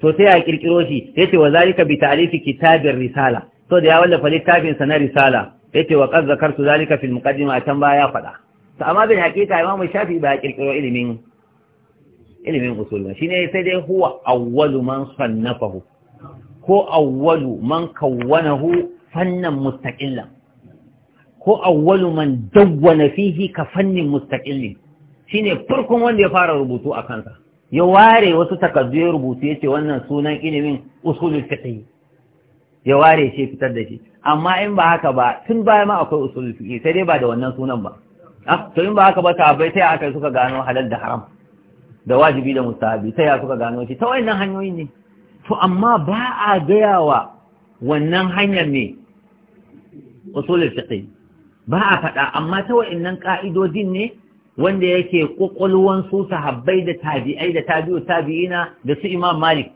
to sai ya kirkiro shi yace wa zalika bi ta'lifi kitabir risala to da ya wallafa littafin sa na risala yace wa qad zakartu zalika fil muqaddima tan baya faɗa? to amma bin hakika imam shafi ba ya kirkiro ilimin ilimin usul shine sai dai huwa awwalu man sannafahu ko awwalu man kawwanahu fannan mustaqillan ko awwalu man dawwana fihi ka fannin mustaqillin shine farkon wanda ya fara rubutu a kansa ya ware wasu takardu ya rubutu ya ce wannan sunan ilimin usulun fiƙi ya ware shi fitar da shi amma in ba haka ba tun baya ma akwai usulun fiƙi sai dai ba da wannan sunan ba ah, to in ba haka ba ta sai aka suka gano halal da haram da wajibi da musabi sai ya suka gano shi ta wannan hanyoyi ne to amma ba a gaya wa wannan hanyar ne usulun fiƙi ba a faɗa amma ta wa'annan ka'idojin ne wanda yake kwakwalwan su sahabbai da tabi'ai da tabi'u tabi'ina da su imam malik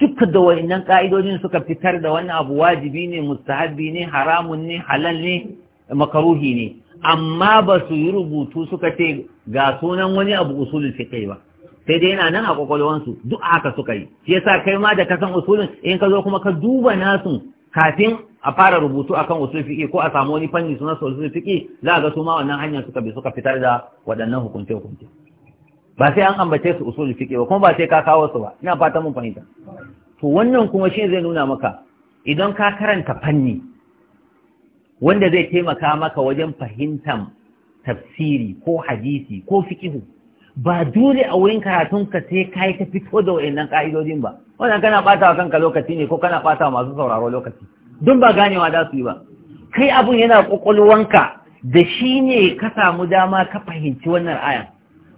duk da wa'annan ka'idojin suka fitar da wani abu wajibi ne mustahabi ne haramun ne halal ne makaruhi ne amma ba su yi rubutu suka ce ga sunan wani abu usulul fiqh ba sai dai yana nan a ƙwaƙwalwansu, duk haka suka yi shi yasa kai ma da ka kasan usulun in ka zo kuma ka duba nasu kafin a fara rubutu akan usul fiqi ko a samu wani fanni suna usul fiqi za ga su ma wannan hanyar suka bi suka fitar da waɗannan hukunce hukunce ba sai an ambace su usul fiqi ba kuma ba sai ka kawo su ba ina fata mun fahimta to wannan kuma shi zai nuna maka idan ka karanta fanni wanda zai taimaka maka wajen fahimtar tafsiri ko hadisi ko fiqihu ba dole a wurin karatun ka sai yi ta fito da wayannan ƙa'idodin ba wannan kana ɓata wa kanka lokaci ne ko kana bata masu sauraro lokaci Don ba ganewa za su yi ba kai abun yana ƙwaƙwalwanka da shi ne ka samu dama ka fahimci wannan aya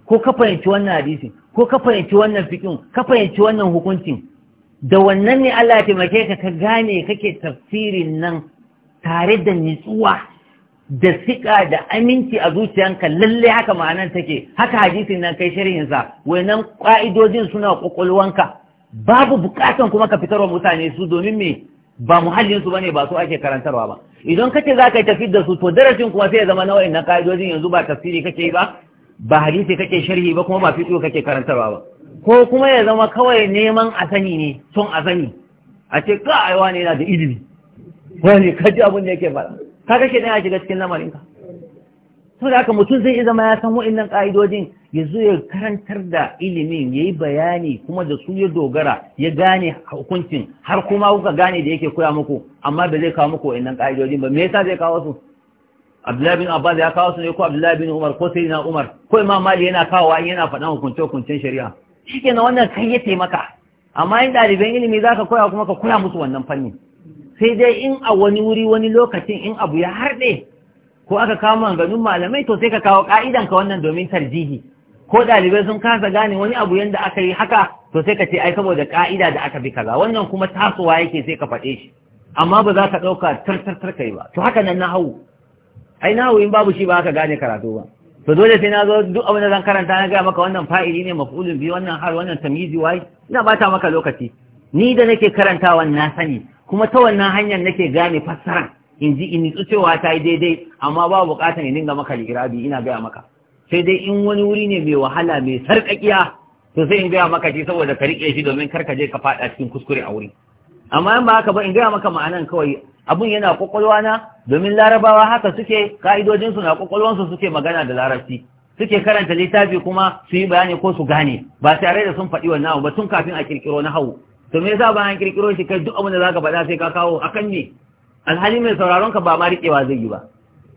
ko ka fahimci wannan hadisi ko ka fahimci wannan fikin ka fahimci wannan hukuncin da wannan ne Allah ya taimake ka ka gane kake tafsirin nan tare da nitsuwa da siƙa da aminci a zuciyanka lallai haka ma'anar take haka hadisin nan kai wai wannan ƙa'idojin suna ƙwaƙwalwanka babu buƙatan kuma ka fitarwa mutane su domin me ba muhallin su bane ba su ake karantarwa ba idan kace za ka tafi da su to darasin kuma sai ya zama nau'in na ƙa'idojin yanzu ba tafsiri kake yi ba ba hadisi kake sharhi ba kuma ba fiqh kake karantarwa ba ko kuma ya zama kawai neman a sani ne son a sani a ce ka aiwa ne yana da ilimi wani kaji abin da yake faɗa ka ga shedan shiga cikin lamarin ka da aka mutum zai zama ya san nan ka'idojin ya zo ya karantar da ilimin ya yi bayani kuma da su ya dogara ya gane hukuncin har kuma kuka gane da yake koya muku amma ba zai kawo muku wa'annan ka'idojin ba me yasa zai kawo su Abdullahi bin Abbas ya kawo su ne ko Abdullahi bin Umar ko na Umar ko Imam Mali yana kawo yana faɗan hukunce hukuncen shari'a na wannan kai ya taimaka amma in ɗaliban ilimi za ka koya kuma ka koya musu wannan fannin. sai dai in a wani wuri wani lokacin in abu ya harɗe ko aka kawo maganganun malamai to sai ka kawo ka'idanka wannan domin tarjihi ko ɗalibai sun kasa gane wani abu yadda aka yi haka to sai ka ce ai saboda ka'ida da aka bi kaza wannan kuma tasowa yake sai ka faɗe shi amma ba za ka ɗauka tartartar kai ba to haka nan na hau ai na hau in babu shi ba aka gane karatu ba to dole sai na zo duk abin da zan karanta na gaya maka wannan fa'ili ne maf'ulun biyu, wannan har wannan tamizi, wai ina bata maka lokaci ni da nake karantawa na sani kuma ta wannan hanyar nake gane fassara in ji in cewa ta yi daidai amma ba bukatar in dinga maka lirabi ina gaya maka sai dai in wani wuri ne mai wahala mai sarƙaƙiya to sai in gaya maka shi saboda ka riƙe shi domin kar ka je ka faɗa cikin kuskure a wuri amma in ba haka ba in gaya maka ma'anan kawai abun yana kwakwalwa na domin larabawa haka suke ka'idojinsu na su suke magana da larabci suke karanta littafi kuma su yi bayani ko su gane ba tare da sun faɗi wannan abu ba tun kafin a kirkiro na hau to me yasa bayan kirkiro shi kai duk abin da zaka faɗa sai ka kawo akan ne alhali mai sauraron ka ba ma riƙewa zai yi ba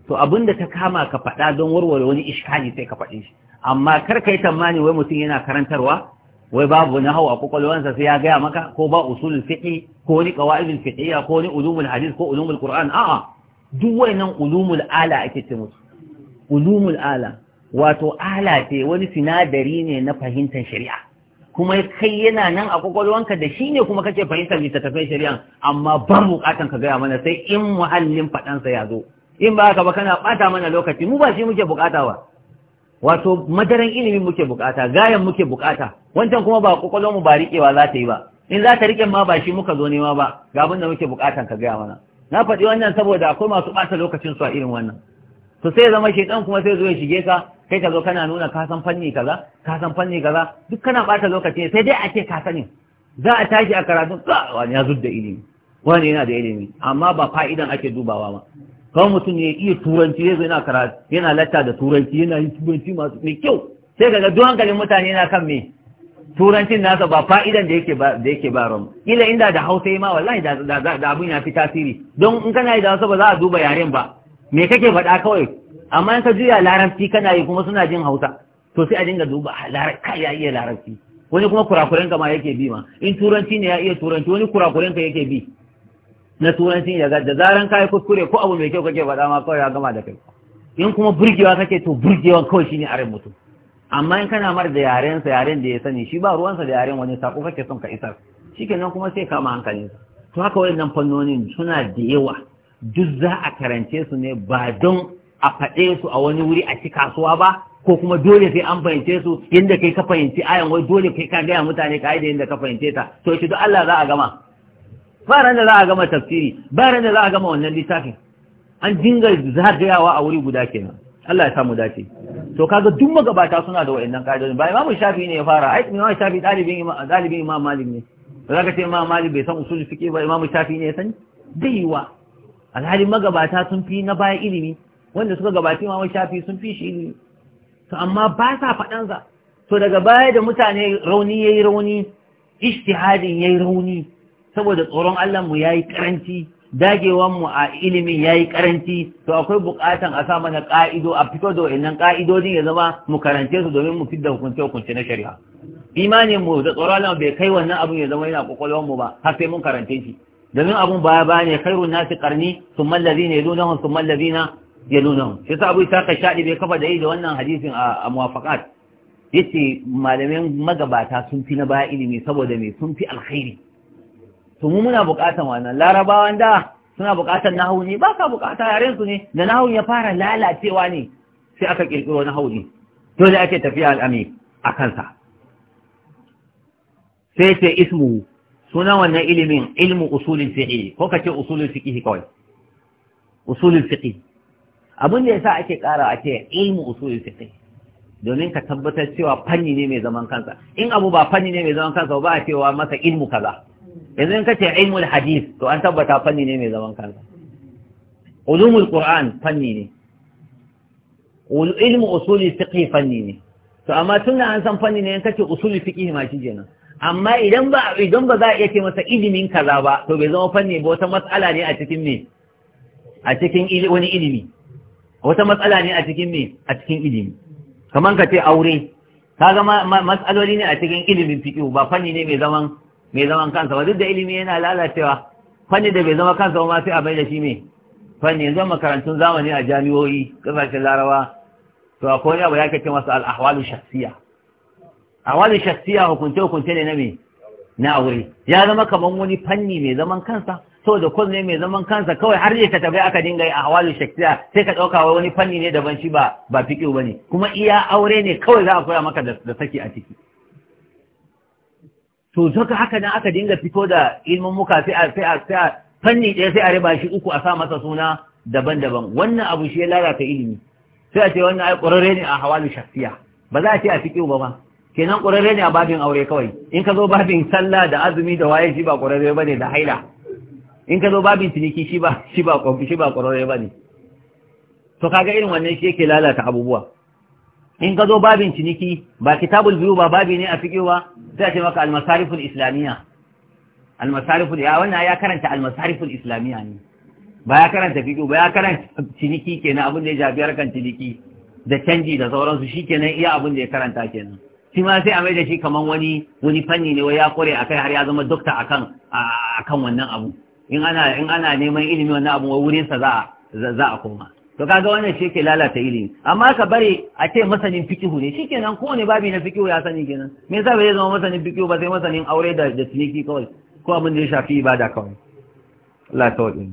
to abin da ta kama ka faɗa don warware wani ishkali sai ka faɗi shi amma kar kai tamani wai mutum yana karantarwa wai babu wani hawa a kwakwalwansa sai ya gaya maka ko ba usulul fiqi ko ni qawaidul fiqhiyya ko ni ulumul hadith ko ulumul qur'an a'a duk wayannan ulumul ala ake ce musu ulumul ala wato ala ce wani sinadari ne na fahimtar shari'a kuma kai yana nan a kwakwalwanka da shi ne kuma kake fahimtar littattafai shari'a amma ban bukatan ka gaya mana sai in muhallin faɗansa ya zo in ba haka ba kana ɓata mana lokaci mu ba shi muke bukata ba wato madaran ilimin muke bukata gayan muke bukata wancan kuma ba kwakwalwar mu ba riƙewa za ta yi ba in za ta riƙe ma ba shi muka zo nema ba ga abin da muke bukatan ka gaya mana na faɗi wannan saboda akwai masu ɓata lokacin su a irin wannan to sai zama shi kuma sai zo ya shige ka kai ka zo kana nuna ka san fanni kaza ka san fanni kaza duk kana bata lokaci sai dai a ce ka sani za a tashi a karatu wani ya zudda ilimi wani yana da ilimi amma ba fa'idan ake dubawa ma kawai mutum ya iya turanci ya zo yana karatu yana latta da turanci yana yin turanci masu mai kyau sai ga duk hankalin mutane na kan me turancin nasa ba fa'idan da yake da yake ba ran kila inda da hausa ma wallahi da da abun ya fi tasiri don in kana da hausa ba za a duba yaren ba me kake faɗa kawai amma in ka juya larabci kana yi kuma suna jin hausa to sai a dinga duba ah, ka ya iya larabci wani kuma ka ma yake bi ma in turanci ne ya iya turanci wani ka yake bi na turanci ya da zaran yi kuskure ko abu mai kyau kake faɗa ma kawai ya gama da kai in kuma burgewa kake to burgewa kawai shine aren mutum amma in kana mar da yaren sa yaren da ya sani shi ba ruwansa da yaren wani sako kake son ka isar shikenan kuma sai kama hankalin to haka wayannan fannonin suna da yawa duk za a karance su ne ba don a faɗe su a wani wuri a ci kasuwa ba ko kuma dole sai an fahimce su yadda kai ka fahimci ayan wai dole kai ka gaya mutane ka da yadda ka fahimce ta to shi duk Allah za a gama ba ran da za a gama tafsiri ba ran da za a gama wannan littafin an dinga zagayawa a wuri guda kenan Allah ya samu dace to kaga duk magabata suna da wa'annan ka'idodin ba Imam Shafi ne ya fara ai imamu Shafi dalibin dalibin Imam Malik ne za ka ce Imam Malik bai san usul fiqh ba imamu Shafi ne ya sani dai wa alhali magabata sun fi na baya ilimi wanda suka gabaci ma shafi sun fi shi ne, to amma ba sa faɗansa to daga baya da mutane rauni ya yi rauni ya yi rauni saboda tsoron Allah mu yi karanci dagewan mu a ilimin ya yi karanci to akwai buƙatan a sa mana ƙa'ido a fito da wa’innan ƙa'idodin ya zama mu karance su domin mu fidda hukunce hukunce na shari'a imanin mu da tsoron Allah bai kai wannan abin ya zama yana ƙwaƙwalwanmu mu ba har sai mun karance shi domin abun baya ba ne ƙarni, sun qarni thumma alladhina yadunahum mallazi na, yalunahu sai sa abu ka shaɗi bai kafa da yi da wannan hadisin a muwafaqat yace malamin magabata sun fi na baya ilimi saboda me sun fi alkhairi to mu muna buƙatan wannan larabawan da suna buƙatan nahawu ne ba ka buƙata yaren su ne da nahawun ya fara lalacewa ne sai aka kirkiro nahawu ne dole ake tafiya al'ami a kansa sai ce ismu sunan wannan ilimin ilmu usulin fiqh ko kace usulin fiqh kawai usulin fiqh abin da yasa ake ƙara a ce ilmu usul fiqh domin ka tabbatar cewa fanni ne mai zaman kansa in abu ba fanni ne mai zaman kansa ba a cewa masa ilmu kaza yanzu in kace ilmul hadith to an tabbata fanni ne mai zaman kansa ulumul qur'an fanni ne ilmu usuli fiqh fanni ne to amma tunda an san fanni ne in kace usuli fiqh ma shi kenan amma idan ba idan ba za a iya ce masa ilimin kaza ba to bai zama fanni ba wata mas'ala ne a cikin ne a cikin wani ilimi wata matsala ne a cikin me a cikin ilimi kaman ka ce aure Ka ga matsaloli ne a cikin ilimin fiqh ba fanni ne mai zaman mai zaman kansa ba duk da ilimi yana lalacewa fanni da bai zama kansa ba ma sai a bai da shi ne fanni yanzu makarantun zamani a jami'o'i kasashen larawa to akwai wani abu ya kace masa al-ahwalu ahwalu shakhsiya hukunce hukunce ne na me na aure ya zama kaman wani fanni mai zaman kansa so da kwas ne mai zaman kansa kawai har ne ka tafi aka dinga yi a hawalu shaktiya sai ka ɗauka wa wani fanni ne daban shi ba ba fiƙiu ba ne kuma iya aure ne kawai za a koya maka da saki a ciki to zaka haka nan aka dinga fito da ilmin muka sai a sai a sai a fanni ɗaya sai a riba shi uku a sa masa suna daban-daban wannan abu shi ya lalata ilimi sai a ce wannan ai ƙwararre ne a hawalu shaktiya ba za a ce a fiƙiu ba ma kenan ƙwararre ne a babin aure kawai in ka zo babin sallah da azumi da waye shi ba ƙwararre ba ne da haila in ka zo babin ciniki shi ba shi ba shi ba ƙwararre ba ne to kaga irin wannan shi yake lalata abubuwa in ka zo babin ciniki ba kitabul biyu ba babi ne a fiƙewa, sai a ce maka almasariful islamiyya almasariful ya wannan ya karanta almasariful islamiyya ne ba ya karanta fiƙe ba ya karanta ciniki kenan abin da ya jabi kan ciniki da canji da sauransu shi kenan iya abin da ya karanta kenan shi ma sai a mai da shi kamar wani wani fanni ne wai ya kore akai har ya zama dokta akan akan wannan abu in ana in ana neman ilimi wannan abu wurin sa za za a koma to kaga wannan shi ke lalata ilimi amma ka bari a ce masanin fikihu ne Shi kenan, kowane babi na fikihu ya sani kenan me yasa bai zama masanin fikihu ba sai masanin aure da da ciniki kawai ko abin da ya shafi ibada kawai Allah ta wadi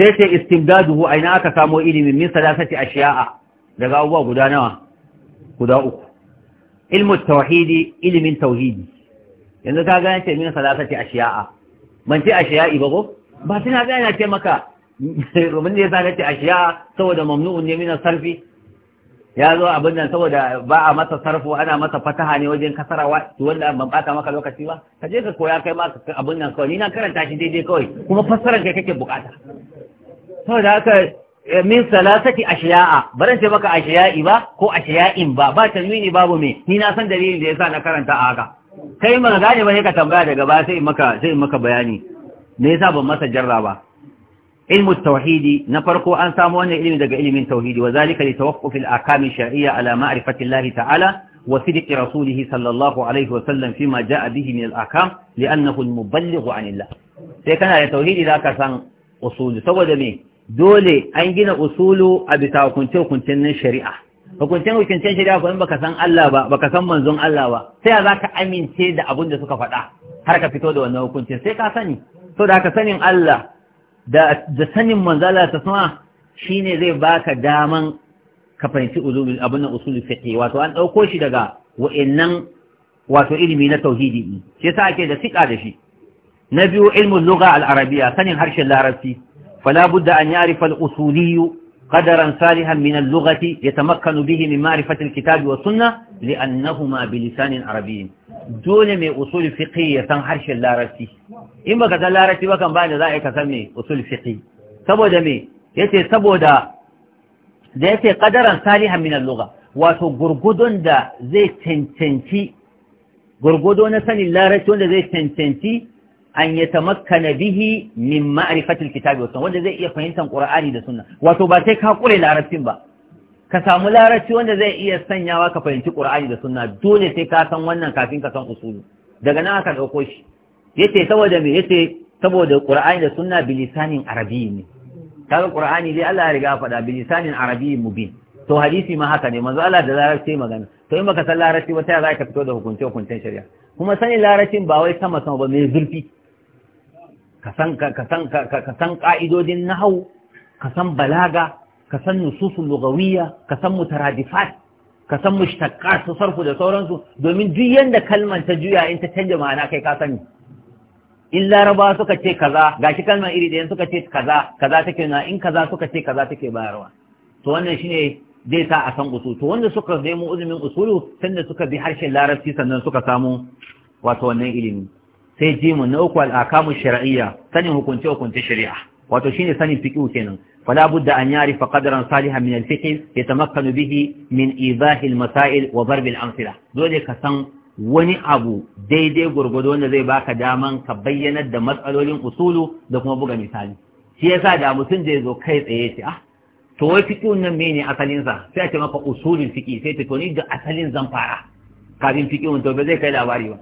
sai ce istimdaduhu aina aka samo ilimin min sadasati ashiya'a daga abubuwa guda nawa guda uku ilmu tauhidi ilimin tauhidi yanzu ka gane ce min sadasati ashiya'a ban ce ashiya'i ba ko ba suna gaya yana ce maka rumun (laughs) ne sa nace ashiya saboda mamnu'un ne min sarfi ya zo abin nan saboda ba a masa sarfo ana masa fataha ne wajen kasara, to wanda ban bata maka lokaci ba ka je ka koya kai maka abin nan kawai ni na karanta shi daidai kawai kuma fassarar kai kake bukata saboda haka eh, min salasati ashiya'a baran ce maka ashiya'i ba ko ashiya'in ba ba tanwini babu me ni na san dalilin da ya sa na karanta a haka kai ma gane ba sai ka tambaya daga ba sai maka sai maka bayani me yasa ban masa jarra ba ilmu tauhidi na farko an samu wannan ilimi daga ilimin tauhidi wa zalika li tawaqquf al ahkam shar'iyya ala ma'rifati Allah ta'ala wa sidqi rasulih sallallahu alaihi wa sallam fima ja'a bihi min al ahkam li'annahu al muballigh an Allah sai kana da tauhidi ka san usuli saboda me dole an gina usulu a bisa hukunce-hukuncen shari'a Hukuncin hukuncen shari'a ko in baka san Allah ba baka san manzon Allah ba sai ya zaka amince da abin da suka faɗa har ka fito da wannan hukuncin sai ka sani to da ka sanin Allah da da sanin manzon Allah ta sama shine zai baka daman ka fahimci uzul abin nan usul fiqh wato an dauko shi daga wa'annan wato ilimi na tauhidi ne shi yasa ake da fiqa da shi na biyu ilmin lugha al-arabiya sanin harshen larabci fala budda an ya'rifa al-usuliyyu قدرا صالحا من اللغة يتمكن به من معرفة الكتاب والسنة لأنهما بلسان عربي دول من أصول فقهية تنحرش اللارتي إما كتا اللارتي وكان بعد ذلك تسمي أصول فقهي سبودا مي يتي سبودا da ya ce ƙadaran salihan minan luga wato gurgudun da zai cancanci gurgudo na sanin larabci wanda zai cancanci an ya tamakkana bihi min ma'rifatil kitabi wa wanda zai iya fahimtar qur'ani da suna. wato ba sai ka kure larabcin ba ka samu larabci wanda zai iya sanyawa ka fahimci qur'ani da suna. dole sai ka san wannan kafin ka san usulu daga nan aka dauko shi yace saboda me yace saboda qur'ani da suna bilisanin arabiyyi ne kaga qur'ani dai Allah ya riga faɗa bilisanin arabiyyi mubin to hadisi ma haka ne manzo Allah da larabci magana to in baka san larabci ba ta za ka fito da hukunce hukuncen shari'a kuma sanin larabcin ba wai sama sama ba mai zurfi ka san ka san ka san ka'idodin nahau ka san balaga ka san nususun lugawiyya ka san mutaradifat ka san mushtaqqa su sarfu da sauransu domin duk yanda kalmar ta juya in ta canja ma'ana kai ka sani in laraba suka ce kaza gashi kalmar iri ɗayan suka ce kaza kaza take na in kaza suka ce kaza take bayarwa to wannan shine zai sa a san usul to wanda suka nemo uzumin usulu sanda suka bi harshen larabci sannan suka samu wato wannan ilimi sai jimu na uku al'akamu shari'iyya sanin hukunce hukunce shari'a wato shine sanin fiqh kenan fala budda an fa qadaran salihan min al-fiqh nu bihi min idahi al-masail wa darb al-amthila dole ka san wani abu daidai gurgudo wanda zai baka daman ka bayyanar da matsalolin usulu da kuma buga misali shi yasa da mutum zai zo kai tsaye shi. ah to wai fiqh nan mene asalin sa sai a maka usulul fiqh sai ta to ni da asalin zan fara kafin fiqh to ba zai kai labari ba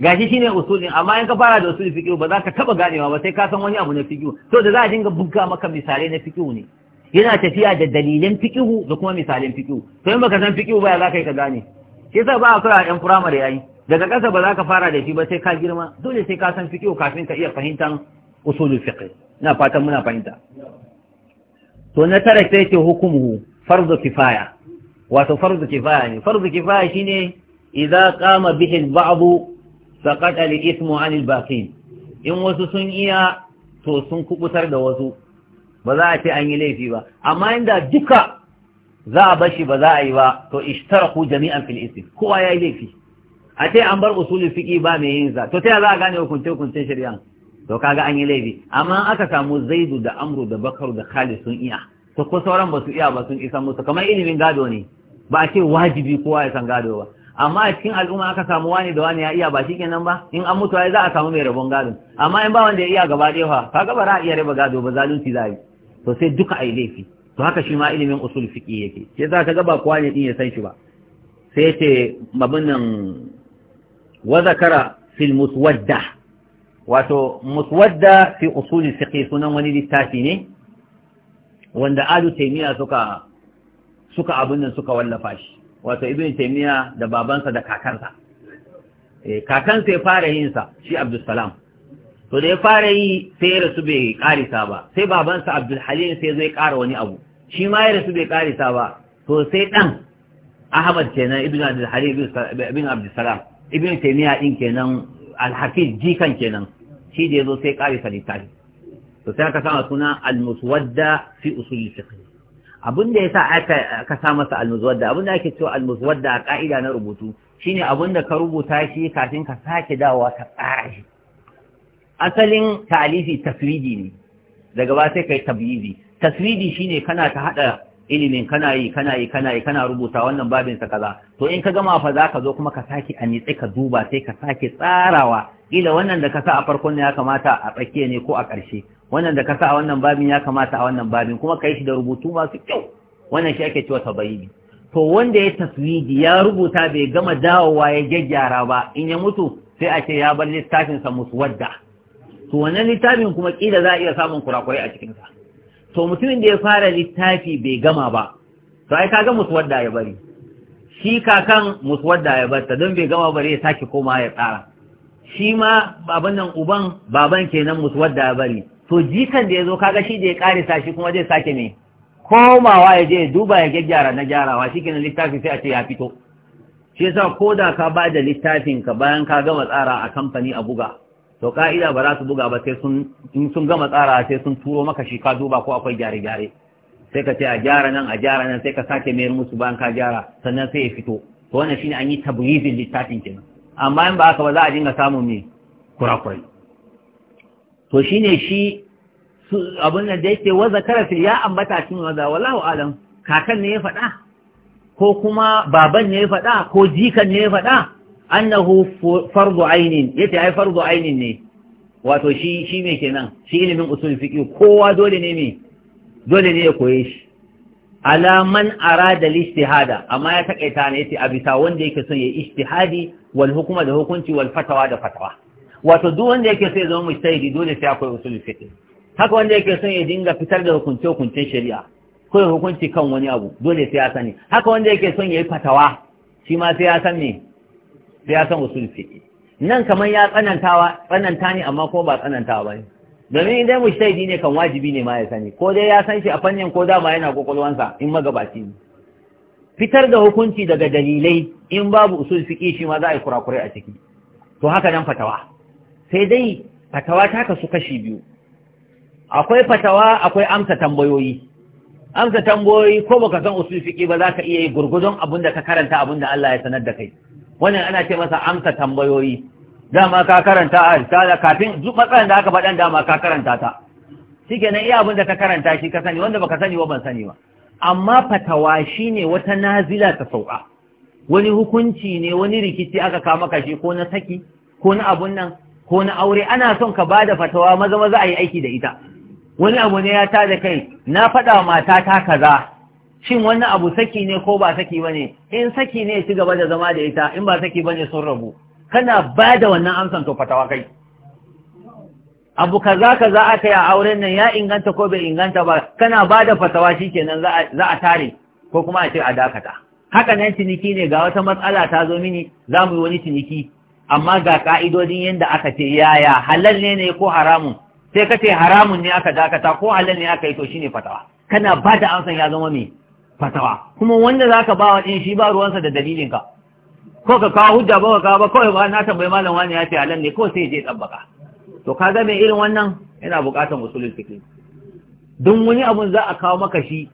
gashi shine usulin amma in ka fara da usulin fiqh ba za ka taba ganewa ba sai ka san wani abu na fiqh to da za a dinga buga maka misalai na fiqh ne yana tafiya da dalilan fiqh da kuma misalin fiqh to in baka san fiqh ba za ka yi ka gane shi yasa ba a fara 'yan firamare yayi daga ƙasa ba za ka fara da shi ba sai ka girma dole sai ka san fiqh kafin ka iya fahimtar usulul fiqh ina fatan muna fahimta to na tara sai ce hukumu farzu kifaya wato farzu kifaya ne farzu kifaya shine idza qama bihi al-ba'd saqata al ismu anil in wasu sun iya to sun kubutar da wasu ba za a ce an yi laifi ba amma inda duka za a bashi ba za a yi ba to ishtar ku jami'an fil kowa ya yi laifi a ce an bar usulul fiƙi ba mai yin za to ta za a gane hukunce hukuncen shari'a to kaga an yi laifi amma aka samu zaidu da amru da bakar da khalid sun iya to ko sauran ba su iya ba sun isa musu kamar ilimin gado ne ba a ce wajibi kowa ya san gado ba amma a cikin al'umma aka samu wani da wani ya iya ba kenan ba in an mutu za a samu mai rabon gado amma in ba wanda ya iya gaba ɗaya fa kaga ba za a iya raba gado ba zalunci za a yi to sai duka a yi laifi to haka shi ma ilimin usul fiqi yake sai za ka ga ba kowa ne din ya san shi ba sai ce mabin nan wa zakara fil muswadda wato muswadda fi usul fiqi sunan wani littafi ne wanda alu taymiya suka suka abin nan suka wallafa shi wato ibn taymiya da babansa da kakansa eh kakansa ya fara yin sa shi Salam. to da ya fara yi sai ya rasu bai karisa ba sai babansa abdul halim sai zai kara wani abu shi ma ya rasu bai karisa ba to sai dan ahmad kenan ibn abdul halim ibn abdussalam ibn taymiya din kenan al-hafiz jikan kenan shi da yazo sai karisa littafi to sai aka sama suna al-muswadda fi usul fiqh abin da yasa aka aka sa masa almuzwadda abin da ake cewa almuzwadda a ka'ida na rubutu shine abin da ka rubuta shi kafin ka sake dawowa ka tsara shi asalin talifi taswidi ne daga ba sai kai tabyizi taswidi shine kana ta hada ilimin kana yi kana yi kana yi kana rubuta wannan babin sa kaza to in ka gama fa ka zo kuma ka sake a nitsi ka duba sai ka sake tsarawa ila wannan da ka sa a farkon ne ya kamata a tsakiya ne ko a ƙarshe wannan da ka sa a wannan babin ya kamata a wannan babin kuma ka yi shi da rubutu masu kyau wannan shi ake cewa tabayini to wanda ya taswidi ya rubuta bai gama dawowa ya gyaggyara ba in ya mutu sai a ce ya bar littafinsa wadda. to wannan littafin kuma kila za a iya samun kurakurai a cikinsa to mutumin da ya fara littafi bai gama ba to ai kaga wadda ya bari shi kakan wadda ya ta, don bai gama bare ya sake koma ya tsara shi ma baban nan uban baban kenan musu wadda ya bari to jikan da ya zo kaga shi da ya karisa shi kuma zai sake ne komawa ya je duba ya gyaggyara na gyarawa shi kenan littafin sai a ce ya fito shi yasa ko da ka ba da littafin ka bayan ka gama tsara a kamfani a buga to ka'ida ba za su buga ba sai sun in sun gama tsara sai sun turo maka shi ka duba ko akwai gyare-gyare sai ka ce a gyara nan a gyara nan sai ka sake mayar musu bayan ka gyara sannan sai ya fito to wannan shine an yi tabrizin littafin kenan amma in ba haka ba za a dinga samun me kurakurai to shi ne shi abin da da yake waza zakara fil ya ambata cikin maza wallahu alam kakan ne ya faɗa ko kuma baban ne ya faɗa ko jikan ne ya faɗa annahu fardu ainin yace ai fardu ainin ne wato shi shi me kenan shi ilimin usul fiqh kowa dole ne me dole ne ya koye shi Alaman man arada al-ijtihada amma ya takaita ne yace a bisa wanda yake son ya ijtihadi wal hukuma da hukunci wal fatawa da fatawa wato duk wanda yake so ya zama mujtahidi dole sai akwai usulul fiqh haka wanda yake son ya dinga fitar da hukunce hukuncen shari'a ko hukunci kan wani abu dole sai ya sani haka wanda yake son yayi fatawa shi ma sai ya san ne sai ya san usulul fiqh nan kamar ya tsanantawa tsananta ne amma ko ba tsanantawa ba ne domin idan mujtahidi ne kan wajibi ne ma ya sani ko dai ya san shi a fannin ko dama yana kokolwansa in magabaci ne fitar da hukunci daga dalilai in babu usul fiqh shi ma za a yi kurakurai a ciki to haka nan fatawa sai dai fatawa ta kasu kashi biyu akwai fatawa akwai amsa tambayoyi amsa tambayoyi ko baka san usul fiqi ba zaka iya yi gurgudun abin da ka karanta abin da Allah ya sanar da kai wannan ana ce masa amsa tambayoyi dama ka karanta a risala kafin duk matsalar da aka faɗan dama ka karanta ta shikenan iya abin da ka karanta shi ka sani wanda baka sani ba ban sani ba amma fatawa shine wata nazila ta sauka wani hukunci ne wani rikici aka kama kashi ko na saki ko na abun nan ko na aure ana son ka bada fatawa maza maza a yi aiki da ita wani abu ne ya ta da kai na faɗa wa ta kaza shin wani abu saki ne ko ba saki ne? in saki ne ci gaba da zama da ita in ba saki bane sun rabu kana ba da wannan amsan to fatawa kai abu kaza kaza aka yi a auren nan ya inganta ko bai inganta ba kana ba da fatawa shikenan za a tare ko kuma a ce a dakata haka nan ciniki ne ga wata matsala ta zo mini za mu yi wani ciniki amma ga ka'idodin yadda aka ce yaya halal ne ne ko haramun sai ka ce haramun ne aka dakata ko halal ne aka yi to shine fatawa kana ba da amsan ya zama mai fatawa kuma wanda zaka ba wa din shi ba ruwansa da dalilin ka ko ka kawo hujja ba ka ba kawai ba na tambayi malam wani ya ce halal ne ko sai je tsabbaka to ka ga mai irin wannan yana buƙatar usulul fiqh don wani abun za a kawo maka shi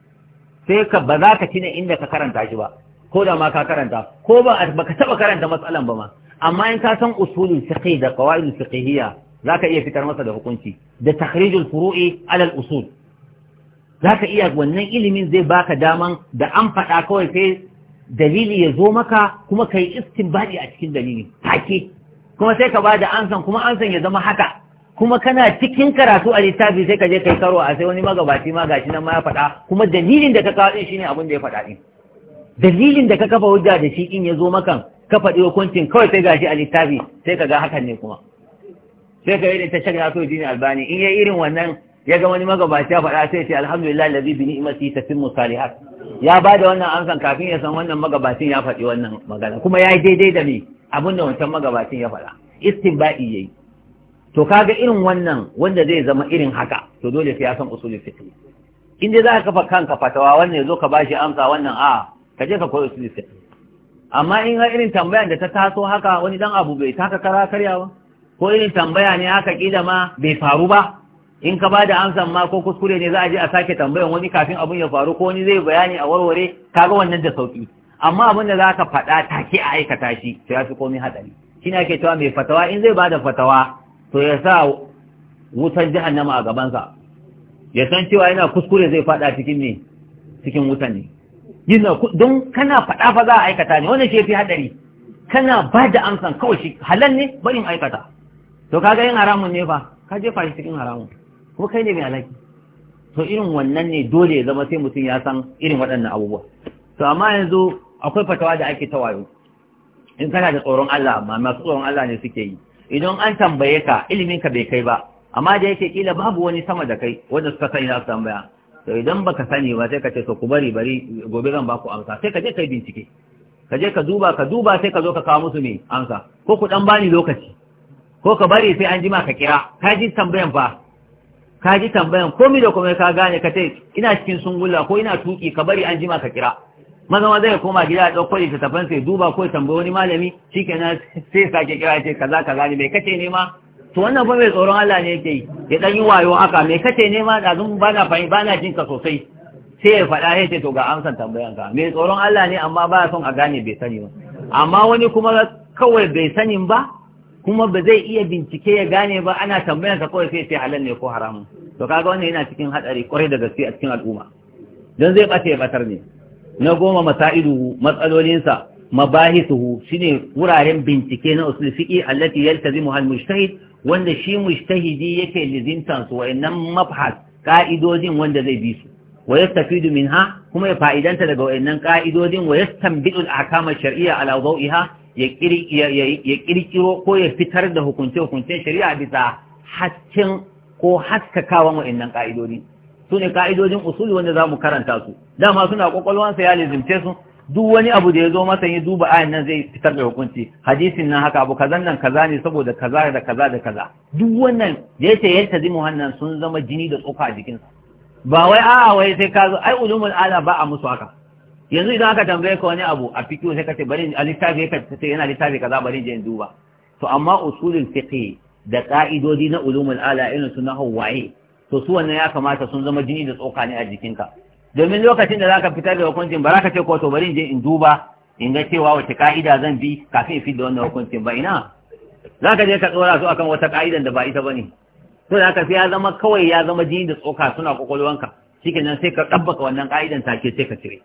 sai ka ba za ka tuna inda ka karanta shi ba ko da ma ka karanta ko ba baka taba karanta matsalan ba ma amma in ka san usulul fiqh da qawaidul fiqhiyya zaka iya fitar masa da hukunci da takhrijul furu'i alal usul zaka iya wannan ilimin zai baka daman da an faɗa kawai sai dalili ya zo maka kuma kai istinbadi a cikin dalili kuma sai ka bada ansan kuma ansan ya zama haka kuma kana cikin karatu a littafi sai ka je kai karo a sai wani magabaci ma gashi nan ma ya faɗa kuma dalilin da ka kawo din shine abin da ya faɗa din dalilin da ka kafa hujja da shi in ya zo maka ka faɗi hukuncin kawai sai gashi a littafi sai ka ga hakan ne kuma sai ka yi da ta ya so dini albani in ya irin wannan ya ga wani magabaci ya faɗa sai ce alhamdulillah lazi bi ni'imati tatimmu salihat ya ba da wannan amsan kafin ya san wannan magabacin ya faɗi wannan magana kuma ya yi daidai da me abin da wancan magabacin ya faɗa istinba'i yayi to kaga irin wannan wanda zai zama irin haka to dole sai ya san usulul fiqh in dai za ka kafa kanka fatawa wannan zo ka bashi amsa wannan a ka je ka koyi usulul fiqh amma in ga irin tambayan da ta taso haka wani dan abu bai taka kara karya ba ko irin tambaya ne haka kila ma bai faru ba in ka bada amsan ma ko kuskure ne za a je a sake tambayan wani kafin abun ya faru ko wani zai bayani a warware kaga wannan da sauki amma abin da za ka faɗa take a aikata shi to ya fi komai hatsari shi ne ake cewa mai fatawa in zai bada fatawa to ya sa wutan jahannama a gabansa ya san cewa yana kuskure zai faɗa cikin ne cikin wutan ne yana don kana faɗa fa za a aikata ne wannan shi fi haɗari? kana ba da amsan kawai shi halal ne bari in aikata to kaga yin haramun ne fa ka jefa shi cikin haramun kuma kai ne mai alaki to irin wannan ne dole ya zama sai mutum ya san irin waɗannan abubuwa to amma yanzu akwai fatawa da ake ta wayo in kana da tsoron Allah amma masu tsoron Allah ne suke yi idan an tambaye ka ilimin ka bai kai ba amma da yake kila babu wani sama da kai wanda suka sani za su tambaya to idan baka sani ba sai ka ce ku bari bari gobe zan baku amsa sai ka je kai bincike ka je ka duba ka duba sai ka zo ka kawo musu ne amsa ko ku dan bani lokaci ko ka bari sai an jima ka kira ka ji tambayan fa ka ji tambayan komai da komai ka gane ka ce ina cikin sungula ko ina tuki ka bari an jima ka kira maza ma zai koma gida ya ɗauko littattafan sai duba ko tambayi wani malami shikenan sai sake kira ce kaza kaza ne mai kace ne ma to wannan fa mai tsoron Allah ne yake yi ya dan yi wayo haka me kace ne ma da zun bana fahimta bana jin ka sosai sai ya faɗa ya ce to ga amsan tambayan ka mai tsoron Allah ne amma ba son a gane bai sani ba amma wani kuma kawai bai sanin ba kuma ba zai iya bincike ya gane ba ana tambayan ka kawai sai sai halal ne ko haramun to kaga wannan yana cikin hatsari kwarai da gaske a cikin al'umma don zai bace ya batar ne na goma masailuhu matsalolinsa mabahisuhu shine wuraren bincike na usul fiqi allati yaltazimuha al-mujtahid wanda shi mujtahidi yake lizintan su wayannan mabhas ka'idojin wanda zai bi su wa yastafidu minha kuma ya fa'idanta daga wayannan ka'idojin wa yastanbidu al-ahkam ash-shar'iyya ala dawiha ya kirkiro ko ya fitar da hukunce hukuncen shari'a bisa hasken ko haskakawan wayannan ka'idodi su ne usuli wanda za mu karanta su dama suna kwakwalwansa ya lizimce su duk wani abu da ya zo masa ya duba ayan nan zai fitar da hukunci hadisin nan haka abu kazan nan kaza ne saboda kaza da kaza da kaza duk wannan da ya tayar yadda zimu hannun sun zama jini da tsoka a jikinsa ba wai a'a wai sai ka zo ai ulumul ala ba a musu haka yanzu idan aka tambaye ka wani abu a fiki sai ka ce bari a littafi ya ka ce yana littafi kaza bari je in duba to amma usulin fiqi da ka'idodi na ulumul ala irin su nahwu waye to su wannan ya kamata sun zama jini da tsoka ne a jikinka domin lokacin da zaka fitar da hukuncin ba ka ce ko to bari in je in duba in ga cewa wace ka'ida zan bi kafin in fi da wannan hukuncin ba ina zaka je ka tsora su akan wata ka'idan da ba ita bane to da sai ya zama kawai ya zama jini da tsoka suna kwakwalwanka shikenan sai ka dabbaka wannan ka'idan take sai ka cire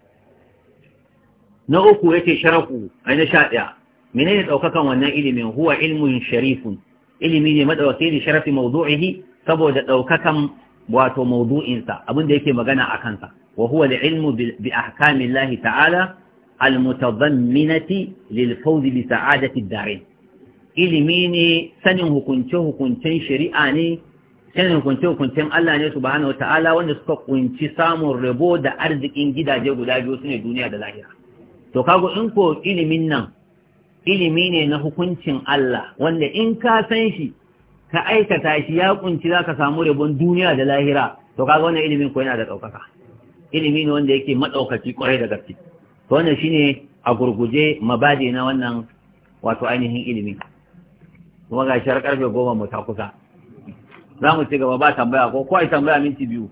na uku yace sharaku ai na sha daya menene daukakan wannan ilimin huwa ilmun sharifun ilimi ne madawaki da sharafi mawdu'ihi saboda daukakan wato mawdu'insa abin da yake magana a kansa وهو العلم بأحكام الله تعالى المتضمنة للفوز بسعادة الدارين ilimi ne sanin hukunce-hukuncen shari'a ne sanin hukuncin hukuncin Allah ne subhanahu wata'ala wanda suka kunci samun rabo da arzikin gidaje guda biyu su ne duniya da lahira to kago in ko ilimin nan ilimi ne na hukuncin Allah wanda in ka san shi ka aikata shi ya kunci za ka samu rabon duniya da lahira to kaga wannan ilimin ko yana da ɗaukaka ilimi ne wanda yake matsaukaci kwarai da gaske to wannan shine a gurguje mabadi na wannan wato ainihin ilimi kuma ga shar karfe goma mu ta kusa za mu ci gaba ba tambaya ko kawai tambaya minti biyu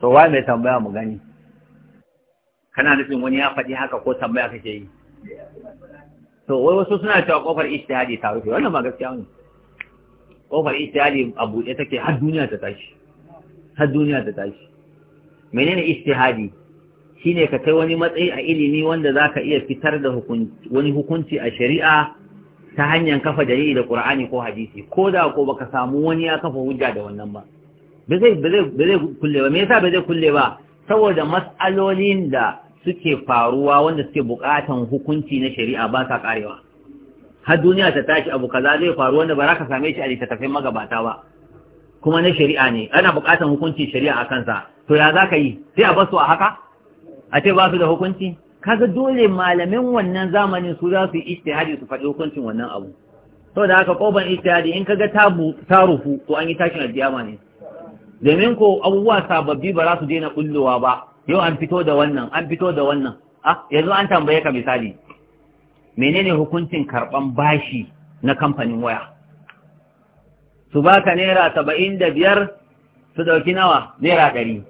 to wa mai tambaya mu gani kana nufin wani ya faɗi haka ko tambaya kake yi to wai wasu suna cewa kofar ijtihadi ta rufe wannan ma gaskiya ne kofar ijtihadi a buɗe take har duniya ta tashi har duniya ta tashi menene istihadi shine ka kai wani matsayi a ilimi wanda zaka iya fitar da wani hukunci a shari'a ta hanyar kafa dalili da Qur'ani ko hadisi ko da ko baka samu wani ya kafa hujja da wannan ba ba zai kulle ba me yasa ba zai kulle ba saboda mas'alolin da suke faruwa wanda suke bukatan hukunci na shari'a ba sa karewa har duniya ta tashi abu kaza zai faru wanda ba za ka same shi a littattafai magabata ba kuma na shari'a ne ana buƙatar hukunci shari'a a kansa to ya za ka yi sai a basu a haka a ce ba su da hukunci kaga dole malamin wannan zamanin su za su yi ijtihadi su faɗi hukuncin wannan abu saboda haka koban ijtihadi in kaga tabu ta rufu to an yi tashin aljiyama ne domin ko abubuwa sababbi ba za su daina kullowa ba yau an fito da wannan an fito da wannan ah yanzu an tambaye ka misali menene hukuncin karɓan bashi na kamfanin waya su baka naira saba'in da biyar su ɗauki nawa naira ɗari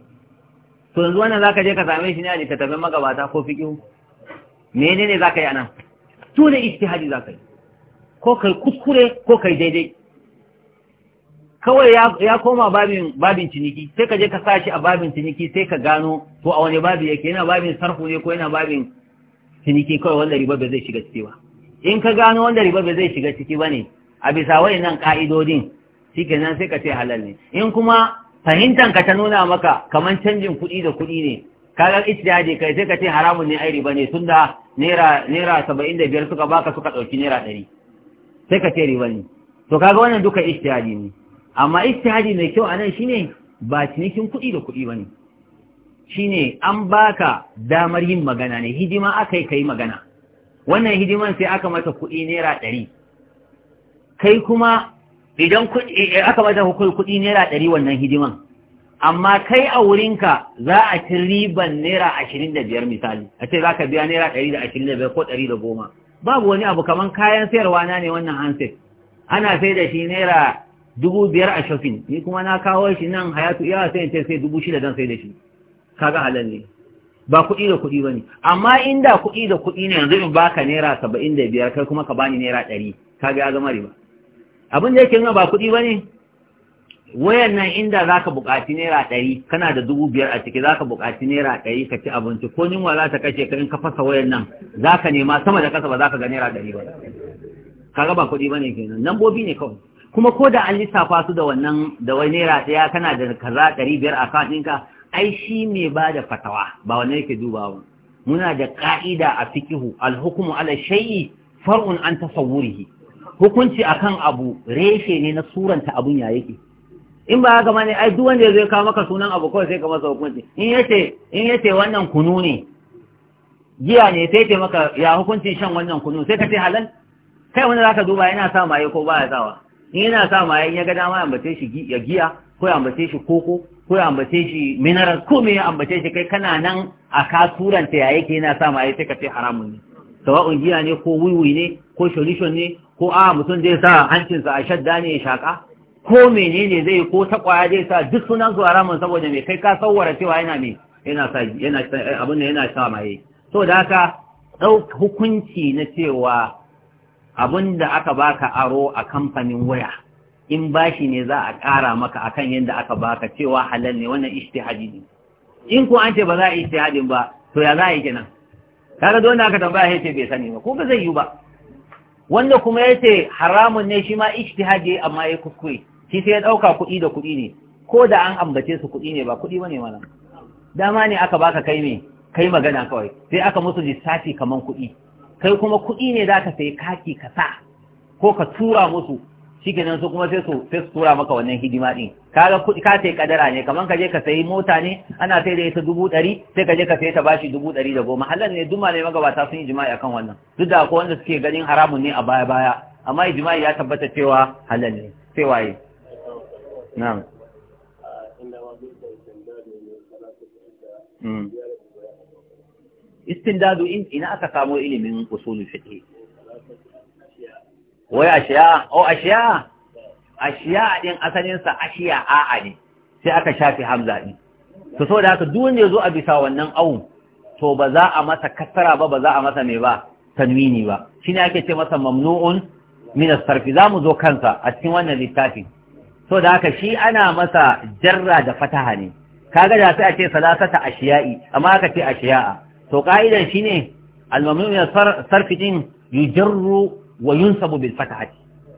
to yanzu wannan za ka je ka same shi ne a littattafin magabata ko fiƙin mene ne za ka yi a nan su ne istihadi za ka yi ko kai kuskure ko kai daidai kawai ya koma babin ciniki sai ka je ka sa shi a babin ciniki sai ka gano to a wani babi yake yana babin sarfu ne ko yana babin ciniki kawai wanda riba bai zai shiga ciki ba in ka gano wanda riba bai zai shiga ciki ba ne a bisa wayannan ka'idodin shi nan sai ka ce halal ne in kuma fahimtar ka ta nuna maka kamar canjin kuɗi da kuɗi ne kaga ijtihadi kai sai ka ce haramun ne ai riba ne tun da naira saba'in da biyar suka baka suka ɗauki naira ɗari sai ka ce riba ne to kaga wannan duka ita ne amma ijtihadi mai kyau a anan shine ba cinikin kuɗi da kuɗi ba ne. Shi ne an baka damar yin magana ne hidima aka yi ka yi magana wannan hidiman sai aka mata kuɗi naira ɗari kai kuma idan aka bata hukun kuɗi naira ɗari wannan hidiman amma kai a wurinka za a ci riban naira ashirin da biyar misali a ce za ka biya naira ɗari da ashirin da biyar ko ɗari da goma babu wani abu kaman kayan sayarwa na ne wannan handset ana sai da shi naira dubu biyar a shafin ni kuma na kawo shi nan hayatu iya sai ce sai dubu shida don sai da shi kaga halal ne ba kuɗi da kuɗi bane amma inda kuɗi da kuɗi ne yanzu in baka naira saba'in da biyar kai kuma ka bani naira ɗari kaga ya zama riba abin da yake nuna ba kuɗi ba ne wayan nan inda za ka buƙaci naira ɗari kana da dubu biyar a ciki za ka buƙaci naira ɗari ka ci abinci ko ninwa za ta kashe ka in ka fasa wayan nan za ka nema sama da kasa ba za ka ga naira ɗari ba Ka ga ba kuɗi ba ne kenan lambobi ne kawai kuma ko da an lissafa su da wannan da wani naira ɗaya kana da kaza ɗari biyar a kan ɗinka ai shi mai ba da fatawa ba wannan yake dubawa muna da ƙa'ida a fikihu alhukumu ala shay'i far'un an tasawwurihi hukunci akan abu reshe ne na suranta abun ya yake in ba haka mani ai duk wanda zai kawo maka sunan abu kawai sai ka masa hukunci in yace in yace wannan kunu ne giya ne sai ce maka ya hukunci shan wannan kunu sai ka ce halal kai wanda zaka duba yana sa maye ko ba ya sawa in yana sa maye in ya ga dama ya ambace shi ya giya ko ya ambace shi koko ko ya ambace shi mineral ko me ya ambace shi kai kana nan a ka turanta ya yake yana sa maye sai ka ce haramun ne sawa'un giya ne ko wiwi ne ko solution ne ko a mutum zai sa hancinsa a shadda ne shaƙa ko menene zai ko ta kwaya zai sa duk sunan su haramun saboda mai kai ka tsawara cewa yana mai sa yana abin da yana sa maye so da haka ɗauka hukunci na cewa abin da aka baka aro a kamfanin waya in bashi ne za a ƙara maka akan yadda aka baka cewa halal ne wannan ijtihadi ne in ko an ce ba za a ijtihadin ba to ya za a yi kenan kaga duk wanda aka tambaya ya ce bai sani ba ko ba zai yiwu ba wanda kuma yace haramun ne shi ma ijtihadi amma ya kuskure shi sai ya ɗauka kuɗi da kuɗi ne ko da an ambace su kuɗi ne ba kuɗi ne mana dama ne aka baka kai me kai magana kawai sai aka musu lissafi kaman kuɗi kai kuma kuɗi ne za ka sai kaki ka sa ko ka tura musu shikenan su kuma sai su sai su tura maka wannan hidima din kaga kuɗi ka sai kadara ne kaman ka je ka sayi mota ne ana sai da ita dubu ɗari sai ka je ka sayi ta bashi dubu ɗari da goma halal ne duma ne magabata sun yi jima'i akan wannan duk da akwai wanda suke ganin haramun ne a baya baya amma jima'i ya tabbata cewa halal ne sai waye na'am hmm. istindadu ina aka samu ilimin usulul fiqh wai ashiya o oh, ashiya ashiya din asalin sa ashiya a a ne sai aka shafi hamza din to saboda haka duk wanda yazo a bisa wannan awu to ba za a masa kasara ba ba za a masa me ba tanwini ba shine ake ce masa mamnu'un min as Za zamu zo kansa a cikin wannan littafin so da haka shi ana masa jarra da fataha ne kaga da sai a ce salasata ashiya'i amma aka ce ashiya'a to ka'idan shine al-mamnu min as-sarfi din yujarru wa yunsabu bil fatahati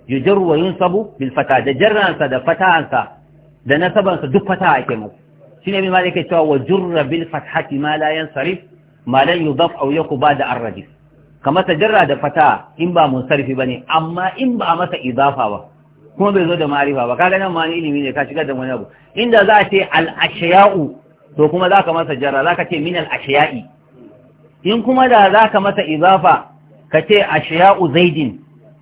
yujar wa yunsabu bil fataha da jarransa da fatahansa da nasabansa duk fataha ake masa shine mai malaka cewa wa jurra bil fatahati ma la yansarif ma lan yudaf aw ba da arrajif kamar ta jarra da fataha in ba mun sarfi ba ne, amma in ba masa idafa ba kuma bai zo da ma'arifa ba kaga nan ma ni ilimi ne ka shigar da wani abu inda za a ce al to kuma za ka masa jarra za ka ce min al in kuma da za ka masa izafa ka ce ashiya'u zaidin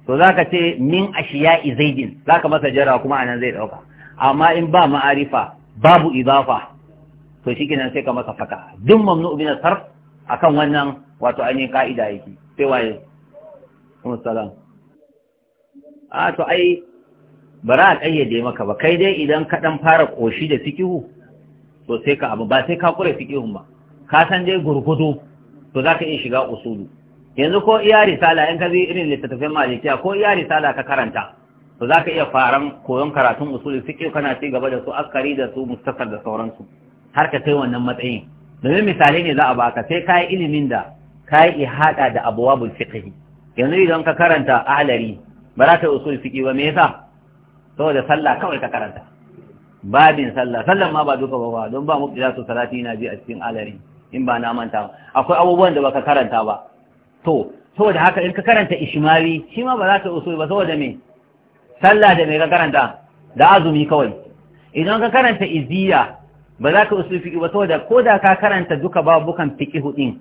to za ka ce min ashiya'i zaidin za ka masa jara kuma anan zai ɗauka amma in ba ma'arifa babu idafa to shi kenan sai ka masa faka duk mamnu bin sarf akan wannan wato ainihin ka'ida yake sai waye Kuma Salam. a to ai bara a kayyade maka ba kai dai idan ka dan fara koshi da fikihu to sai ka abu ba sai ka kure fikihun ba ka san dai gurgudu to za ka iya shiga usulu yanzu ko iya risala in ka zai irin littattafin malikiya ko iya risala ka karanta to za ka iya faran koyon karatun usul fiqh kana ci gaba da su askari da su mustafar da sauransu har ka kai wannan matsayin domin misali ne za a baka sai ka yi ilimin da ka yi ihada da abwabul fiqh yanzu idan ka karanta alari ba za ka yi usuli fiƙi ba me yasa saboda sallah kawai ka karanta babin sallah sallan ma ba duka ba ba don ba su salati na bi a cikin alari in ba na manta akwai abubuwan da baka karanta ba to saboda haka in ka karanta ishmawi shi ma ba za ka usul ba saboda me sallah da me ka karanta da azumi kawai idan ka karanta iziya ba za ka usul fiqi ba saboda ko da ka karanta duka babukan fiqi hudin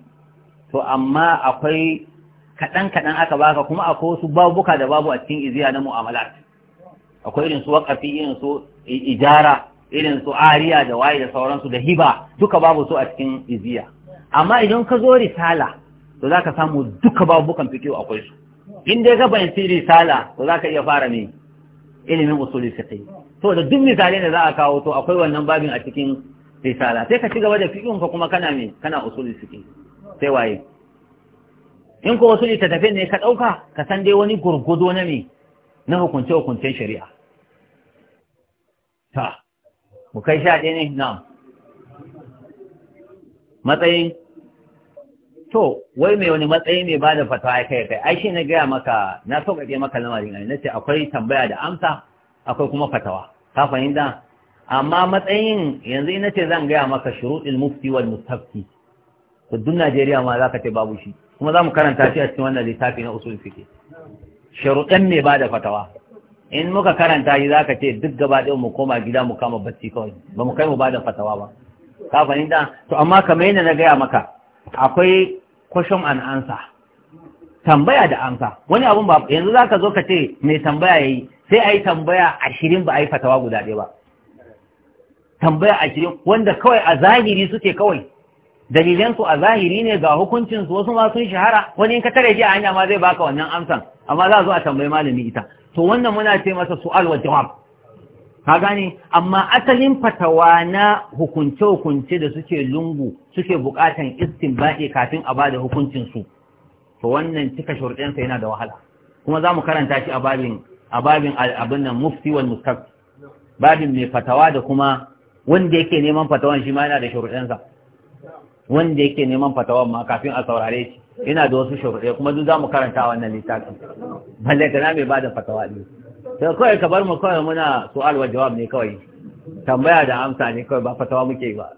to amma akwai kaɗan kaɗan aka baka kuma akwai wasu babuka da babu a cikin iziya na mu'amalat akwai irin su waqafi irin su ijara irin su ariya da waye da sauransu da hiba duka babu su a cikin iziya amma idan ka zo risala to za ka samu duka babukan fikiyo akwai su in dai ka bayanci risala to za ka iya fara ne ilimin usuli fiqh to da duk misalai da za a kawo to akwai wannan babin a cikin risala sai ka ci gaba da fiqhun ka kuma kana me kana usuli fiqh sai waye in ko usuli ta tafi ne ka dauka ka san dai wani gurgudo na me na hukunce hukuncen shari'a ta mu kai sha ɗaya ne Na. matsayin to wai mai wani matsayi mai bada fatawa ya kai kai ai shi na gaya maka na sauƙaƙe maka lamarin ai nace akwai tambaya da amsa akwai kuma fatawa ka fahimta amma matsayin yanzu ina ce zan gaya maka shurutul mufti wal mustafti to duk Najeriya ma zaka ce babu shi kuma zamu karanta shi a cikin wannan littafi na usul fiqh sharuɗan mai bada fatawa in muka karanta shi zaka ce duk gaba ɗaya mu koma gida mu kama bacci kawai ba mu kai mu bada fatawa ba ka fahimta to amma kamar yadda na gaya maka akwai question and answer tambaya da amsa wani abun ba yanzu zaka zo ka ce mai tambaya yayi sai ayi tambaya ashirin ba a yi fatawa guda ɗaya ba tambaya ashirin wanda kawai a zahiri suke kawai dalilan a zahiri ne ga hukuncin su wasu ma sun shahara wani in ka tare ji a hanya ma zai baka wannan amsan amma za a zo a tambayi malami ita to wannan muna ce masa su'al wa jawab ka gane amma asalin fatawa na hukunce-hukunce da suke lungu suke bukatan istinbaɗi kafin a bada hukuncin su to wannan cika shurɗinsa yana da wahala kuma za mu karanta shi a babin a babin abin nan mufti wal mustaq babin mai fatawa da kuma wanda yake neman fatawan shi ma yana da shuruɗinsa wanda yake neman fatawan ma kafin a saurare shi yana da wasu shurɗe kuma duk za mu karanta wannan littafin balle na mai bada fatawa ne sai kawai ka bar mu kawai muna su'al wa jawab ne kawai tambaya da amsa ne kawai ba fatawa muke ba